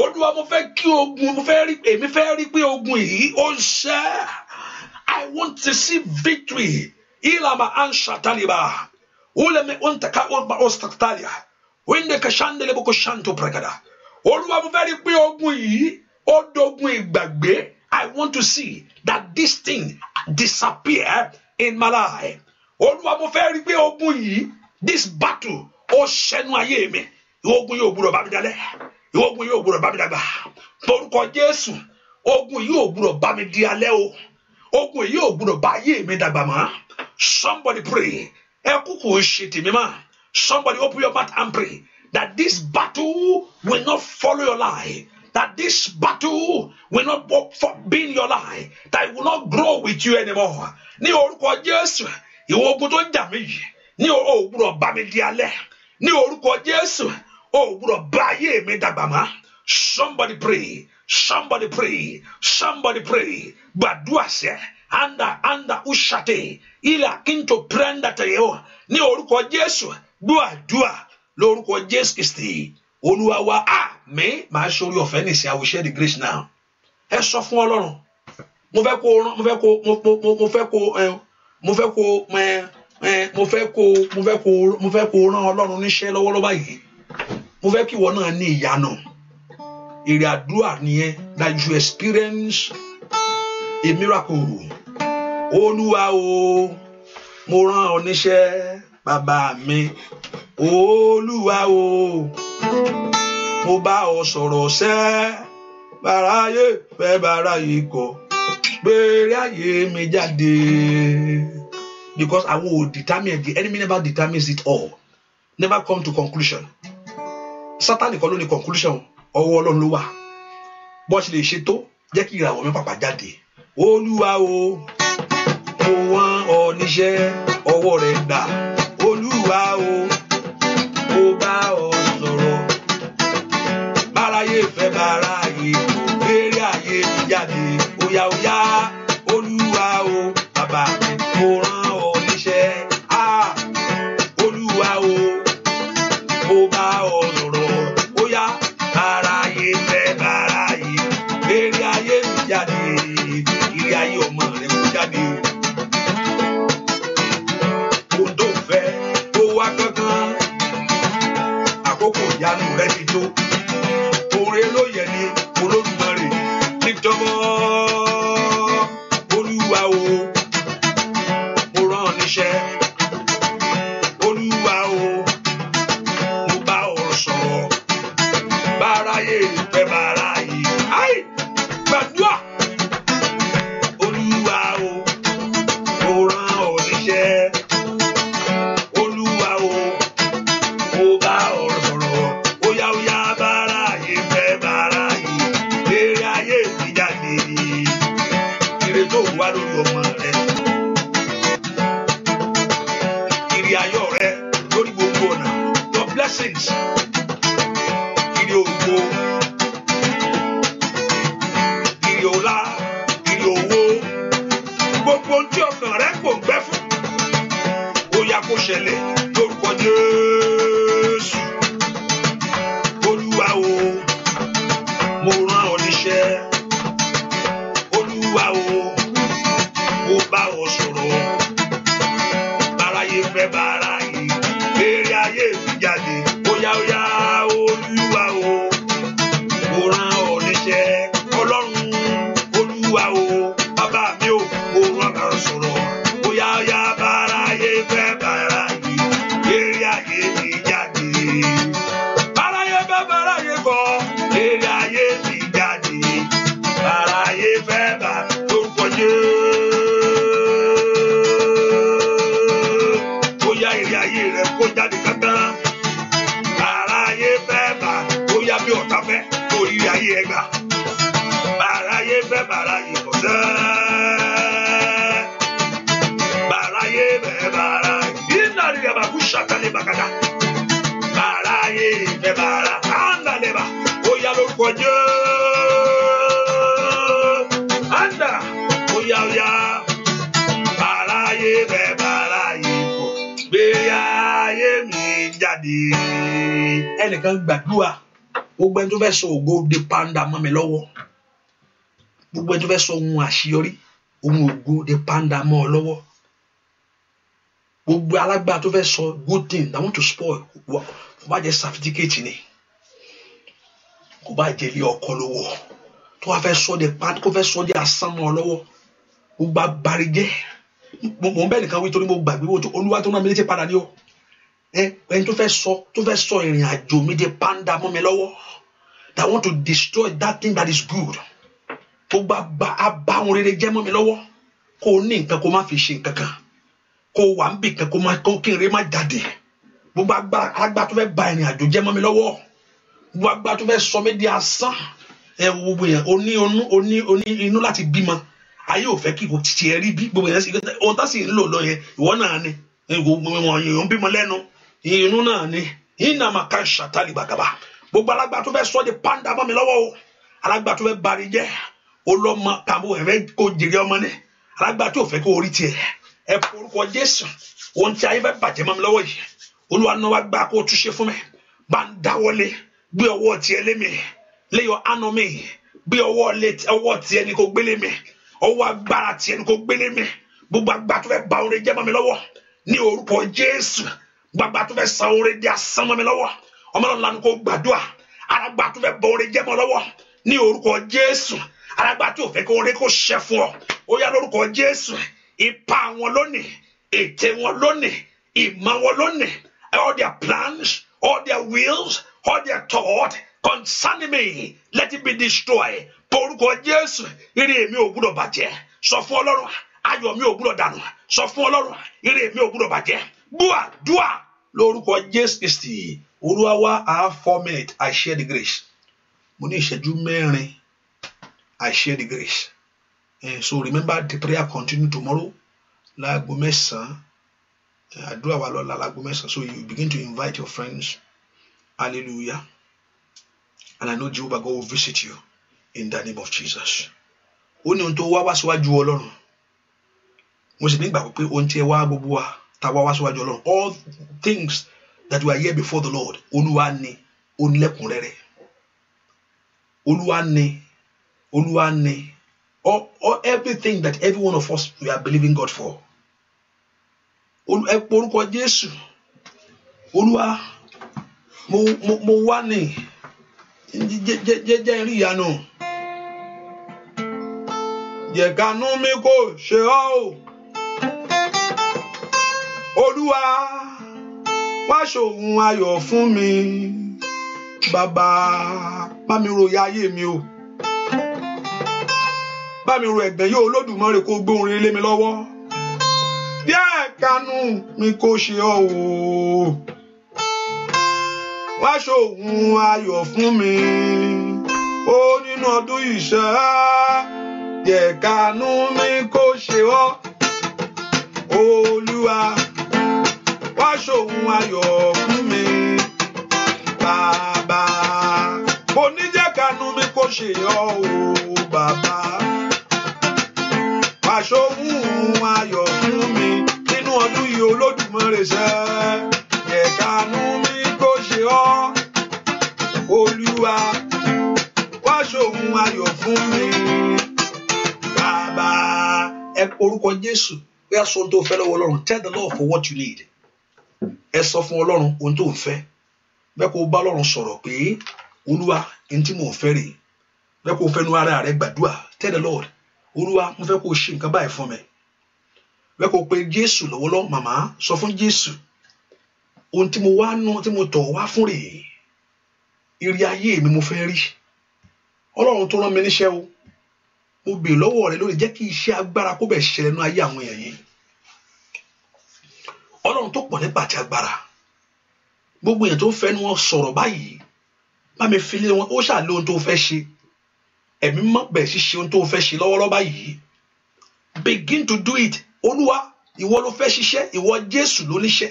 Speaker 1: olúwa mo fẹ́ kí ogun mo fẹ́ rí èmi fẹ́ rí pé ogun yìí ó ń ṣẹ I want to see victory Ilama ansha ule me ka o ba ostatalia ka shande le boko shanto pregada Olúwa mo fẹ́ rí ogun yìí ó dogun I want to see that this thing disappear in my life Olúwa mo fẹ́ rí pé ogun yìí this battle ó ṣẹnu ayé mi ogun yóò gbúdọ̀ bá mi dalẹ̀ ogun yóò gbúdọ̀ bá mi dàgbà torúkọ Jésù ogun yìí ò gbúdọ̀ mi di alẹ́ o ogun yìí ò gbúdọ̀ bá mi dàgbà mọ́ somebody pray ẹ kúkú ṣe tèmi mà somebody open your mouth and pray that this battle will not follow your life that this battle will not be in your life that it will not grow with you anymore ní orúkọ Jésù ìwọ ogun tó ń jà mí yìí ní òwúrọ̀ bá mi di alẹ́ ní orúkọ Jésù òwúrọ̀ bá ayé mi dàgbà mọ́ somebody pray somebody pray somebody pray gbàdúrà sẹ́ẹ̀ anda anda ushate ila kinto prenda tayewa oruko orúkọ dua dua loruko Jésù Kristi Olúwa wa me ma show you of nìsí I will share the grace now ẹ sọ fún Ọlọ́run mo fẹ́ kó mo fẹ́ kó mo fẹ́ kó mo fẹ́ kó mo fẹ́ kó mo fẹ́ kó mo fẹ́ kó rán Ọlọ́run níṣẹ́ lọ́wọ́lọ́wọ́ yìí mo fẹ́ kí ìwọ náà ní ìyanu èrè àdúrà nìyẹn that you experience a miracle olúwa o mo rán ọ bàbá mi olúwa o mo bá ọ sọ̀rọ̀ ṣẹ́ bàráyé fẹ́ bàráyé kọ̀ gbèrè ayé mi jáde because I will determine the enemy never determines it all never come to conclusion Satan kan ló ní conclusion ọwọ́ ọlọ́run ló wà bó ṣe lè ṣe tó jẹ́ kí ìràwọ̀ mi pàpà jáde olúwa o oníṣẹ́ ọwọ́ rẹ̀ gbà olúwa o ó bá ọ sọ̀rọ̀ báráyé fẹ́ báráyé kò kéré ayé mi jáde óyá óyá. you. yako ṣẹlẹ̀. mọ́ mi lọ́wọ́ gbogbo ẹni tó fẹ́ sọ ohun àṣeyọrí ohun ògo lè pàǹdà mọ́ ọ lọ́wọ́ gbogbo alágbára tó fẹ́ sọ good thing that want to spoil kò bá jẹ́ certificate ni kò bá jẹ́ ilé ọkọ lọ́wọ́ tó wàá fẹ́ sọ de panda. kó fẹ́ sọ de asán mọ́ ọ lọ́wọ́ gbogbo abarijẹ́ mò ń bẹ́ẹ̀ nìkan wí torí mo gbàgbé wo olúwa tó náà mi létí padà ní o ẹni tó fẹ́ sọ tó fẹ́ sọ ìrìn àjò mi di pàǹdà mọ́ mi lọ́wọ́ that want to destroy that thing that is good gbogbo abá àwọn rere jẹ́ mọ́ mi lọ́wọ́ kó o ní nǹkan kó o má fi ṣe nǹkan kan kó wà ń bì kan kó má kó kí n rè má jáde gbogbo agbá tó fẹ́ ba ìrìn àjò jẹ́ mọ́ mi lọ́wọ́ gbogbo agbá tó fẹ́ sọ mí di asán ẹ gbogbo yẹn o ní onú o ní o ní inú láti bímọ ayé ò fẹ́ kí kò tiẹ̀ rí bí gbogbo yẹn ohun tá sì ń lò lọ yẹn ìwọ náà ni gbogbo wọn yìí ń bímọ lẹ́nu inú náà ni ìnàmàkà ṣàtàlì gbàgàbà gbogbo alágbà tó fẹ́ sọ di panda mọ́ mi lọ́wọ́ o alágbà tó fẹ́ bari jẹ́ olọ́mọ tàbí ẹ̀fẹ́ kò jèrè ọmọ ní alágbà tó fẹ́ kó orí tiẹ̀ ẹ forúkọ Jésù ohun tí ayé fẹ́ bàjẹ́ mọ́ mi lọ́wọ́ yìí Olúwa náà kó o túnṣe fún mi bá ń dáwọ́lé gbé ọwọ́ tiẹ̀ lé mi lé yọ àná mi gbé ọwọ́ tiẹ̀ ni kò gbélé mi ọwọ́ agbára tiẹ̀ ni kò gbélé mi gbogbo agbà tó fẹ́ ba orin jẹ́ mọ́ mi lọ́wọ́ ní orúkọ Jésù gbàgbà tó fẹ́ san orin di asán mọ́ mi lọ́wọ́ ọmọlọ́run lanu kó gbàdúrà alágbà tó fẹ́ bọ orin jẹ́mọ́ lọ́wọ́ ní orúkọ jésù alágbà tó fẹ́ kó orin kó ṣẹ fún ọ ó yá lórúkọ jésù ipa wọn lónìí ète wọn lónìí ìmọ̀ wọn lónìí all their plans all their wills all their thought concerning me let it be destroyed porúkọ jésù ire mi ò gbúdọ̀ bàjẹ́ sọ fún ọlọ́run ayọ̀ mi ò gbúdọ̀ dànù sọ fún ọlọ́run ire mi ò gbúdọ̀ bàjẹ́ bua dua lórúkọ jésù kristi olúwa wá our four minutes I share the grace mo ní ìṣẹ́jú mẹ́rin I share the grace and eh, so remember the prayer continue tomorrow láago mẹ́sàn-án eh, àdúrà wa lọ́la láago mẹ́sàn-án so you begin to invite your friends hallelujah and I know Jehovah God will visit you in the name of Jesus ó ní ohun tó wá wá síwájú ọlọ́run mo sì nígbàgbọ́ pé ohun tí ẹ wá gbogbo wa ta wá wá síwájú ọlọ́run all things that we are here before the Lord olúwa ni onílẹ̀kùnrẹ́rẹ́ olúwa ni olúwa ni all all everything that every one of us we are believing God for ẹ porúkọ Jésù olúwa mo mo mo wá ní jẹjẹ rí ìyanu jẹ̀kanú mi kò ṣe ọ́ o olúwa wá ṣòun ayọ̀ fún mi bàbá bá mi ro ìyá ayé mi o bá mi ro ẹ̀gbẹ́ yóò Olódùmarè kó gbóhùn rere lé mi lọ́wọ́ díẹ̀ kanú mi kò ṣe ọ́ wá ṣòun ayọ̀ fún mi ó nínú ọdún ìṣá díẹ̀ mi kò ṣe ọ́ olúwa wá ṣòun ayọ̀ fún mi. Bàbá oníjẹ̀kanu mi kò ṣe ọ́ o bàbá. Wá ṣòun ayọ̀ fún mi nínú ọdún yìí Olódùmarè ṣẹ́. Ẹ̀kanu mi kò ṣe ọ́ Olúwa. Wá ṣòun ayọ̀ fún mi. Bàbá orúkọ Jésù. We are so to fellow Lord. Tell the Lord for what you need ẹ sọ fún ọlọ́run ohun tó ń fẹ́ bẹ́ẹ̀ kó bá ọlọ́run sọ̀rọ̀ pé olúwa ohun tí mò ń fẹ́ rèé bẹ́ẹ̀ kó fẹ́nu ara rẹ gbàdúrà tell the lord olúwa mo fẹ́ kó o ṣe nǹkan báyìí fún mi bẹ́ẹ̀ kó pe jésù lọ́wọ́lọ́wọ́ màmá sọ fún jésù ohun tí mo wá nú tí mo tọ̀ wá fún rèé ìrì ayé mi mo fẹ́ rí ọlọ́run tó rán mi níṣẹ́ o mo bè lọ́wọ́ rẹ lórí jẹ́ kí iṣẹ́ agbára kó bẹ̀ ṣẹlẹ̀ nú ayé àwọn èèyàn yìí ọlọ́run tó pọ̀ nípa àti agbára gbogbo èèyàn tó ń fẹ́ ni wọ́n sọ̀rọ̀ báyìí bá mi fi lé wọn ó ṣàlè ohun tó fẹ́ ṣe ẹ̀mí mọ́ bẹ̀rẹ̀ sí ohun tó fẹ́ ṣe lọ́wọ́lọ́wọ́ báyìí begin to do it olúwa ìwọ ló fẹ́ ṣiṣẹ́ ìwọ jésù ló níṣẹ́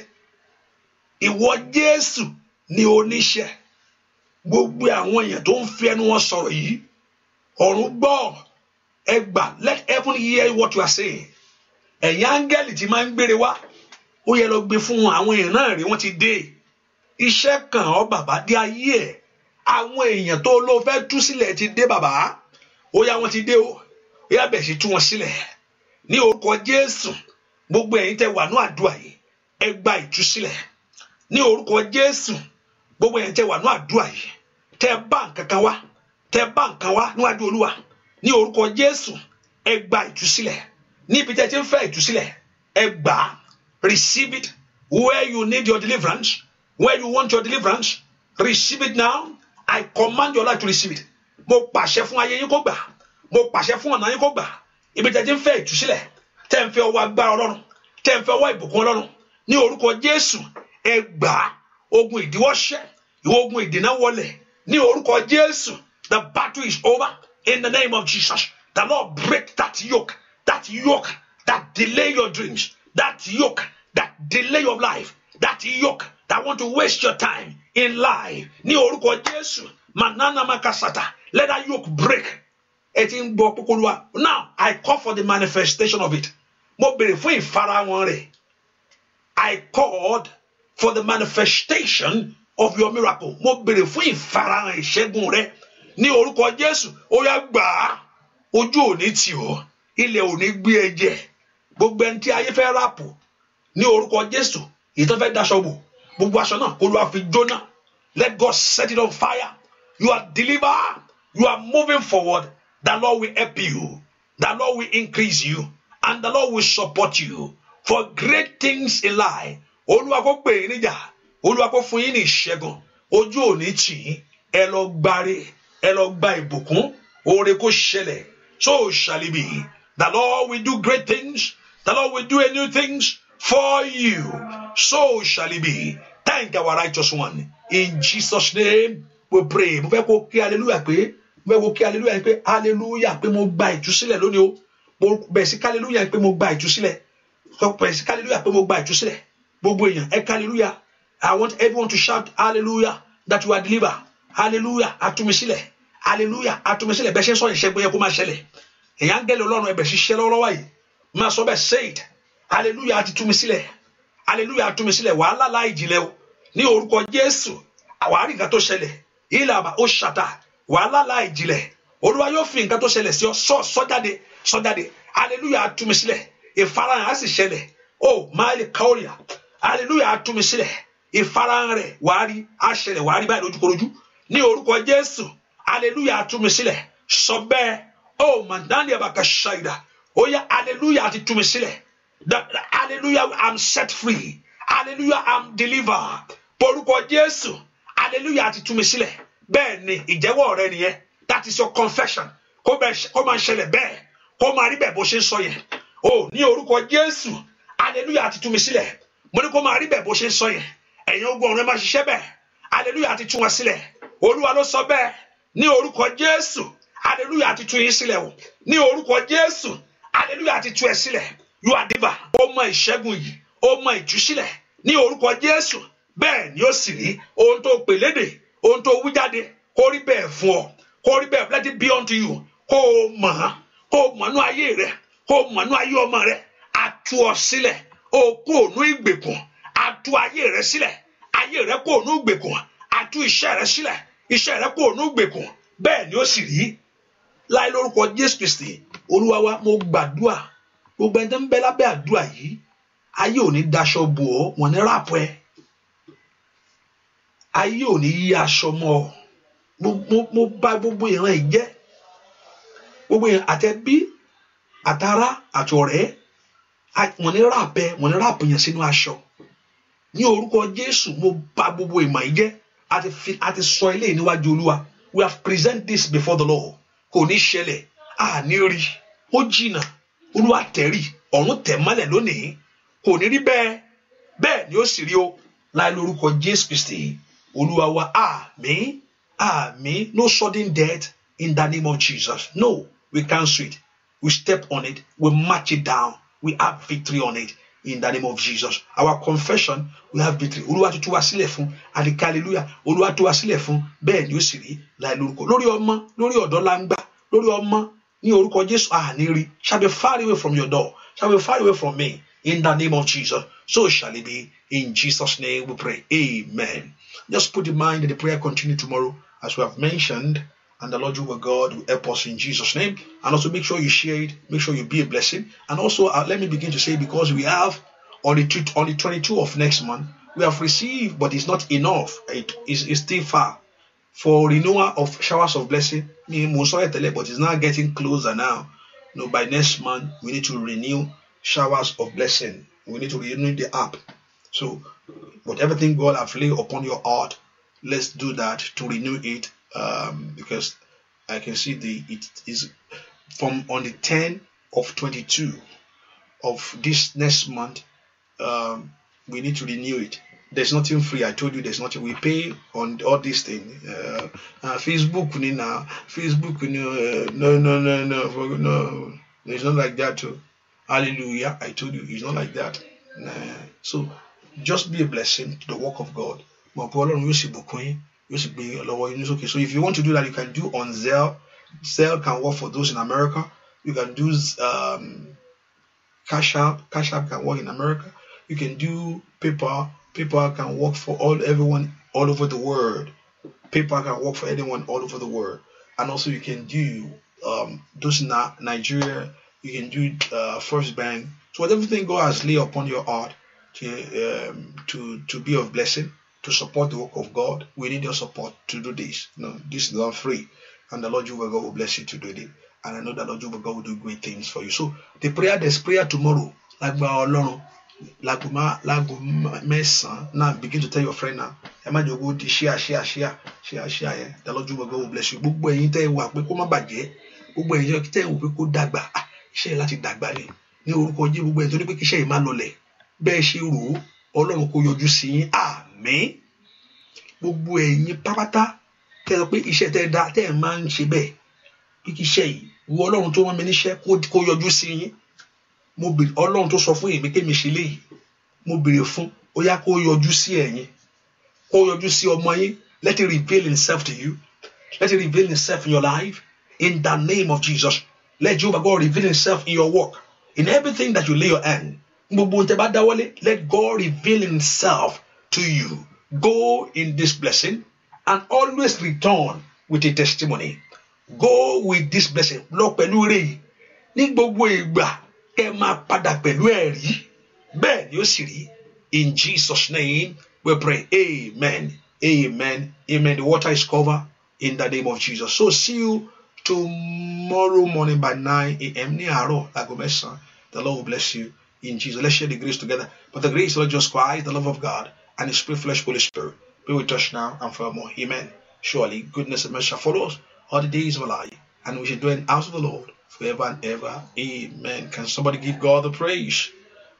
Speaker 1: ìwọ jésù ni oníṣẹ́ gbogbo àwọn èèyàn tó ń fi ẹnu wọn sọ̀rọ̀ yìí ọ̀run gbọ́ ẹ let heaven hear what you are saying ẹ̀yin áńgẹ́lì tí máa ń gbére wá ó yẹ lọ gbé fún àwọn èèyàn náà rí wọ́n ti dé iṣẹ́ kan ọ́ bàbá dé ayé ẹ̀ àwọn èèyàn tó ló fẹ́ tú sílẹ̀ ti dé bàbá ó yá wọ́n ti dé o ó yá bẹ̀ sí tú wọn sílẹ̀ ní orúkọ Jésù gbogbo ẹ̀yin tẹ́ wà ní àdúrà yìí ẹ gba ìtúsílẹ̀ ní orúkọ Jésù gbogbo ẹ̀yin tẹ́ wà ní àdúrà yìí tẹ́ bá nǹkan kan wá tẹ́ bá nǹkan wá níwájú Olúwa ní orúkọ Jésù ẹ gba ìtúsílẹ̀ níbi tẹ́ ti ń fẹ́ ìtúsílẹ̀ ẹ gbà á Receive it where you need your deliverance, where you want your deliverance. Receive it now. I command your life to receive it. Mo pàṣẹ fún ayé yín kó gbà. Mo pàṣẹ fún ọ̀nà yín kó gbà. Ibi tẹ̀ ti ń fẹ́ ìtúsílẹ̀. Tẹ̀ ń fẹ́ ọwọ́ agbára Ọlọ́run. Tẹ̀ ń fẹ́ ọwọ́ ìbùkún Ọlọ́run. Ní orúkọ Jésù, ẹ gbà á. Ogun ìdíwọ́ṣẹ́. Ìwọ ogun ìdènà wọlẹ̀. Ní orúkọ Jésù, the battle is over in the name of Jesus. The Lord break that yoke, that yoke that delay your dreams, that yoke that delay of life, that yoke that want to waste your time in life. Ni orúkọ Jésù, Manana Makasata, let that yoke break. Ẹ ti ń gbọ́ kókóluwa. Now I call for the manifestation of it. Mo béèrè fún ìfarahàn rẹ̀. I called for the manifestation of your miracle. Mo béèrè fún ìfarahàn ìṣẹ́gun rẹ̀. Ní orúkọ Jésù, ó yá gbà á. Ojú ò ní tì ọ́. Ilẹ̀ ò gbé ẹ jẹ. Gbogbo ẹni tí ayé fẹ́ ràpò ní orúkọ Jésù èyí tó fẹ́ daṣọ bò gbogbo aṣọ náà kó ló wá fi jóná let God set it on fire you are delivered you are moving forward the Lord will help you the Lord will increase you and the Lord will support you for great things in life olúwa kó pè é níjà olúwa kó fún yín ní ìṣẹ́gun ojú ò tì í ẹ lọ gbáre ẹ lọ gba ìbùkún oore kó ṣẹlẹ̀ so shall it be the Lord will do great things the Lord will do new things for you. So shall it be. Thank our righteous one. In Jesus' name we pray. Mo fẹ́ kó kí hallelujah pé mo fẹ́ kó kí hallelujah pé hallelujah pé mo gba ìtúsílẹ̀ lónìí o. Mo bẹ̀ sí hallelujah pé mo gba ìtúsílẹ̀. Mo bẹ̀ sí hallelujah pé mo gba ìtúsílẹ̀. Gbogbo èèyàn ẹ hallelujah. I want everyone to shout hallelujah that you are delivered. Hallelujah atumisílẹ̀. Hallelujah atumisílẹ̀ bẹ́ẹ̀ ṣe sọ ìṣẹ́gun yẹn kó máa ṣẹlẹ̀. Èyàn ń gẹ́lẹ̀ Ọlọ́run ẹ̀bẹ̀ ṣiṣẹ́ lọ́wọ́lọ́wọ́ yìí. Máa sọ bẹ́ẹ̀ say it hallelujah ti tú mi sílẹ̀ hallelujah tú mi sílẹ̀ wàhálà láì jìnlẹ̀ o ní orúkọ Jésù àwárí nǹkan tó ṣẹlẹ̀ ìlàbà ó ṣàtà wàhálà láì jìnlẹ̀ Olúwa yóò fi nǹkan tó ṣẹlẹ̀ sí ọ sọ sọjáde sọjáde hallelujah tú mi sílẹ̀ ìfarahàn á sì ṣẹlẹ̀ o máa lè káwọ́rìà hallelujah tú mi sílẹ̀ ìfarahàn rẹ̀ wàárí á ṣẹlẹ̀ wàárí báyìí lójúkorojú ní orúkọ Jésù hallelujah tú mi sọ bẹ́ẹ̀ o màdáni àbàkà ṣàyìdà ó hallelujah ti tú mi The, the, hallelujah, I'm set free. Hallelujah, I'm delivered. Porúkọ Jésù. Hallelujah, ti tú mi sílẹ̀. Bẹ́ẹ̀ ni ìjẹ́wọ́ rẹ nìyẹn. That is your confession. Kó bẹ́ẹ̀ kó máa ṣẹlẹ̀ bẹ́ẹ̀. Kó máa rí bẹ́ẹ̀ bó ṣe ń sọ yẹn. O ní orúkọ Jésù. Hallelujah, ti tú mi sílẹ̀. Mo ní kó máa rí bẹ́ẹ̀ bó ṣe ń sọ yẹn. Ẹ̀yin ogun ọ̀run ẹ máa ṣiṣẹ́ bẹ́ẹ̀. Hallelujah, ti tú wọn sílẹ̀. Olúwa ló sọ bẹ́ẹ̀. Ní orúkọ Jésù. Hallelujah, ti tú yín sílẹ̀ o. Ní orúkọ Jésù. Hallelujah, ti tú ẹ sílẹ̀ yóò àdébà ó mọ ìṣẹ́gun yìí ó mọ ìtúsílẹ̀ ní orúkọ Jésù bẹ́ẹ̀ ni ó sì ní ohun tó pè lédè ohun tó wú jáde kó rí bẹ́ẹ̀ fún ọ kó rí bẹ́ẹ̀ let it be unto you kó o mọ̀ ọ́n kó o mọ̀ ọ́nú ayé rẹ kó o mọ̀ ayé ọmọ rẹ a tú ọ sílẹ̀ o kó o nú ìgbèkùn a tú ayé rẹ sílẹ̀ ayé rẹ kó o nú ìgbèkùn a tú iṣẹ́ rẹ sílẹ̀ iṣẹ́ rẹ kó o nú ìgbèkùn bẹ́ẹ̀ ni ó sì rí láì lórúkọ Jésù Kristi Olúwa wa mo gbàdúrà gbogbo ẹni tó ń bẹ lábẹ́ àdúrà yìí ayé ò ní daṣọ bò ọ́ wọ́n ní ràpọ̀ ẹ ayé ò ní yí aṣọ mọ́ ọ mo bá gbogbo ìran yìí jẹ́ gbogbo ìran àtẹbí àtàrà àtọ̀rẹ́ wọ́n ní ràpẹ wọ́n ní ràpẹ yẹn sínú aṣọ ní orúkọ Jésù mo bá gbogbo ìmọ̀ yìí jẹ́ àti sọ ilé níwájú Olúwa we have present this before the law kò ní ṣẹlẹ̀ àní rí ó jìnnà olúwa tẹ̀rí ọ̀run tẹ̀ mọ́lẹ̀ lónìí kò ní rí bẹ́ẹ̀ bẹ́ẹ̀ ni ó sì rí o láì lórúkọ Jésù Kristi olúwa wa àmín no sudden death in the name of Jesus no we cancel it we step on it we march it down we have victory on it in the name of Jesus. Our confession we have victory. Olúwa tuntun wa sílẹ̀ fún àdìkà hallelujah. Olúwa tuntun wa sílẹ̀ fún bẹ́ẹ̀ ni ó sì rí láì lórúkọ. Lórí ọmọ, lórí ọ̀dọ́ la Lórí ọmọ, ní orúkọ jésù shall be far away from your door shall be far away from me in the name of jesus so shall it be in jesus name we pray amen just put in mind that the prayer continue tomorrow as we have mentioned and the Lord your God will help us in Jesus' name. And also make sure you share it, make sure you be a blessing. And also uh, let me begin to say because we have on the two, on the 22 of next month, we have received, but it's not enough. It is still far for renewal of showers of blessing. Me but it's now getting closer now. You know, by next month, we need to renew showers of blessing. We need to renew the app. So, whatever thing God have laid upon your heart, let's do that to renew it. Um, because I can see the it is from on the 10 of 22 of this next month. Um, we need to renew it there's nothing free. I told you there's nothing. We pay on all these things. Uh, uh, Facebook, Nina, Facebook, uh, no, no, no, no, no. It's not like that. Too. Hallelujah. I told you it's not like that. Nah. So just be a blessing to the work of God. So if you want to do that, you can do on Zelle. Zelle can work for those in America. You can do um, Cash App. Cash App can work in America. You can do PayPal People can work for all everyone all over the world. People can work for anyone all over the world. And also you can do um, those in Nigeria, you can do uh, First Bank. So whatever thing God has laid upon your heart to um, to to be of blessing, to support the work of God, we need your support to do this. You no, know, this is not free, and the Lord Jehovah God will bless you to do it. And I know that Lord Jehovah God will do great things for you. So the prayer, there's prayer tomorrow. Like by our Lord, Laguma, laguma, láago mẹ́sàn now begin to tell your friend now ẹ má jẹ́ kó di ṣíà ṣíà ṣíà ṣíà ṣíà yẹn dalọ́jú gbogbo will bless you gbogbo ẹ̀yin tẹ́ ẹ wà pé kó má bàjẹ́ gbogbo ẹ̀yin tẹ́ ẹ wò pé kó dàgbà ah, iṣẹ́ yẹn láti dàgbà ni ní orúkọ jí gbogbo ẹ̀yin tó ní pé kí iṣẹ́ yìí má lọlẹ̀ bẹ́ẹ̀ ṣe rò ó ọlọ́run kó yọjú sí yín àmín gbogbo ẹ̀yin pápátá tẹ́ ẹ sọ pé iṣẹ́ tẹ́ ẹ dá tẹ́ ẹ máa ń ṣe bẹ́ẹ̀ pé kí iṣẹ́ yìí wọ ọlọ́run tó wọ́n mi níṣẹ́ kó yọjú sí yín mo bèrè ọlọ́run tó sọ fún èmi kémi ṣe léyìí mo bèrè fún ó yá kó yọjú sí ẹ̀yin kó yọjú sí ọmọ yín let it reveal himself to you let it reveal himself in your life in the name of Jesus let Jehovah God reveal himself in your work in everything that you lay your hand gbogbo ntẹ bá dáwọ́lé let God reveal himself to you go in this blessing and always return with a testimony go with this blessing lọ pẹ̀lú rẹ̀ yìí ní gbogbo ìgbà. ẹ máa padà pẹ̀lú ẹ̀rí bẹ́ẹ̀ ni ó sì rí in Jesus name we pray amen amen amen the water is covered in the name of Jesus so see you tomorrow morning by nine a.m. ní àárọ̀ láago mẹ́sàn-án the Lord will bless you in Jesus let's share the grace together but the grace of Lord Jesus Christ the love of God and His spirit flesh Holy Spirit be with us now and forevermore amen surely goodness and mercy shall follow us all the days of our life and we shall dwell in the house of the Lord forever and ever. Amen. Can somebody give God the praise?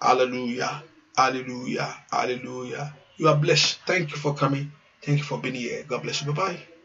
Speaker 1: Hallelujah. Hallelujah. Hallelujah. You are blessed. Thank you for coming. Thank you for being here. God bless you. Bye bye.